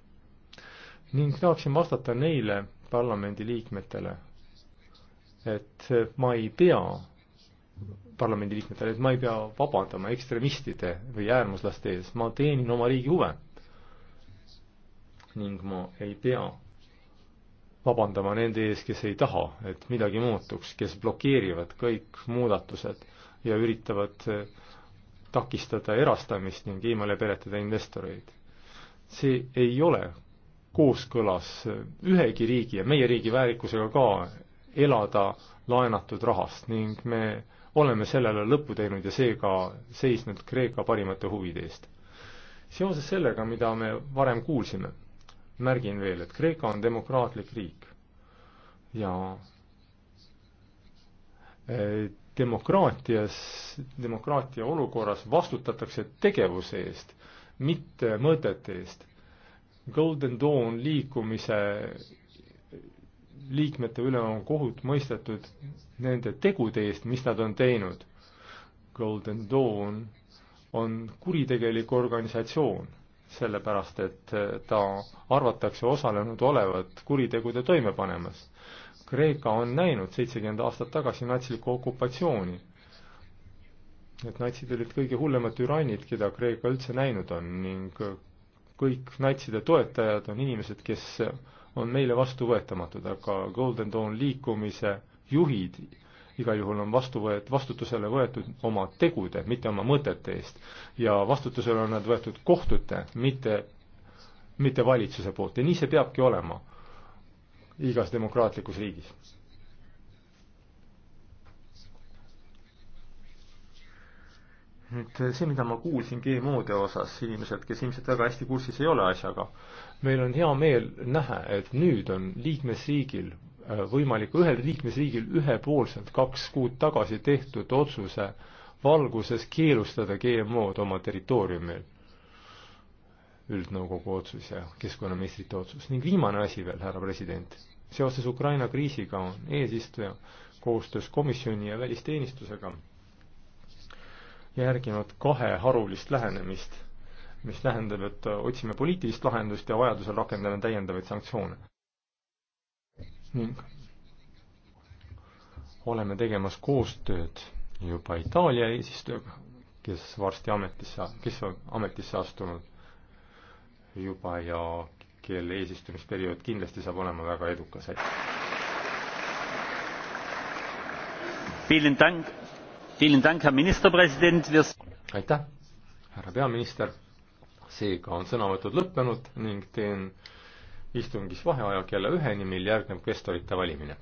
ning tahaksin vastata neile parlamendiliikmetele, et ma ei pea parlamendiliikmetele, et ma ei pea vabandama ekstremistide või äärmuslaste ees, ma teenin oma riigi huve. ning ma ei pea vabandama nende ees, kes ei taha, et midagi muutuks, kes blokeerivad kõik muudatused ja üritavad eh, takistada erastamist ning eemale peletada investoreid. see ei ole kooskõlas eh, ühegi riigi ja meie riigi väärikusega ka, elada laenatud rahast ning me oleme sellele lõpu teinud ja seega seisnud Kreeka parimate huvide eest. seoses sellega, mida me varem kuulsime, märgin veel, et Kreeka on demokraatlik riik ja e, demokraatias, demokraatia olukorras vastutatakse tegevuse eest, mitte mõtete eest. Golden Dawn liikumise liikmete üle on kohut mõistetud nende tegude eest, mis nad on teinud. Golden Dawn on kuritegelik organisatsioon, sellepärast et äh, ta arvatakse osalenud olevat kuritegude toime panemas. Kreeka on näinud seitsekümmend aastat tagasi natslikku okupatsiooni. et natsid olid kõige hullemad türannid, keda Kreeka üldse näinud on ning kõik natside toetajad on inimesed, kes on meile vastuvõetamatud, aga Golden Dawn liikumise juhid igal juhul on vastu võet-, vastutusele võetud oma tegude, mitte oma mõtete eest. ja vastutusele on nad võetud kohtute, mitte, mitte valitsuse poolt ja nii see peabki olema igas demokraatlikus riigis. nüüd see, mida ma kuulsin GMO-de osas, inimesed, kes ilmselt väga hästi kursis ei ole asjaga, meil on hea meel näha, et nüüd on liikmesriigil äh, võimalik, ühel liikmesriigil ühepoolselt kaks kuud tagasi tehtud otsuse valguses keelustada GMO-d oma territooriumil. üldnõukogu otsus ja keskkonnaministrite otsus ning viimane asi veel, härra president, seoses Ukraina kriisiga on eesistuja koostöös komisjoni ja välisteenistusega järginud kahe harulist lähenemist mis tähendab, et äh, otsime poliitilist lahendust ja vajadusel rakendame täiendavaid sanktsioone. ning oleme tegemas koostööd juba Itaalia eesistujaga, kes varsti ametisse, kes on ametisse astunud juba ja kelle eesistumisperiood kindlasti saab olema väga edukas. aitäh, härra peaminister seega on sõnavõtud lõppenud ning teen istungis vaheaja kella üheni, mil järgneb kvestorite valimine.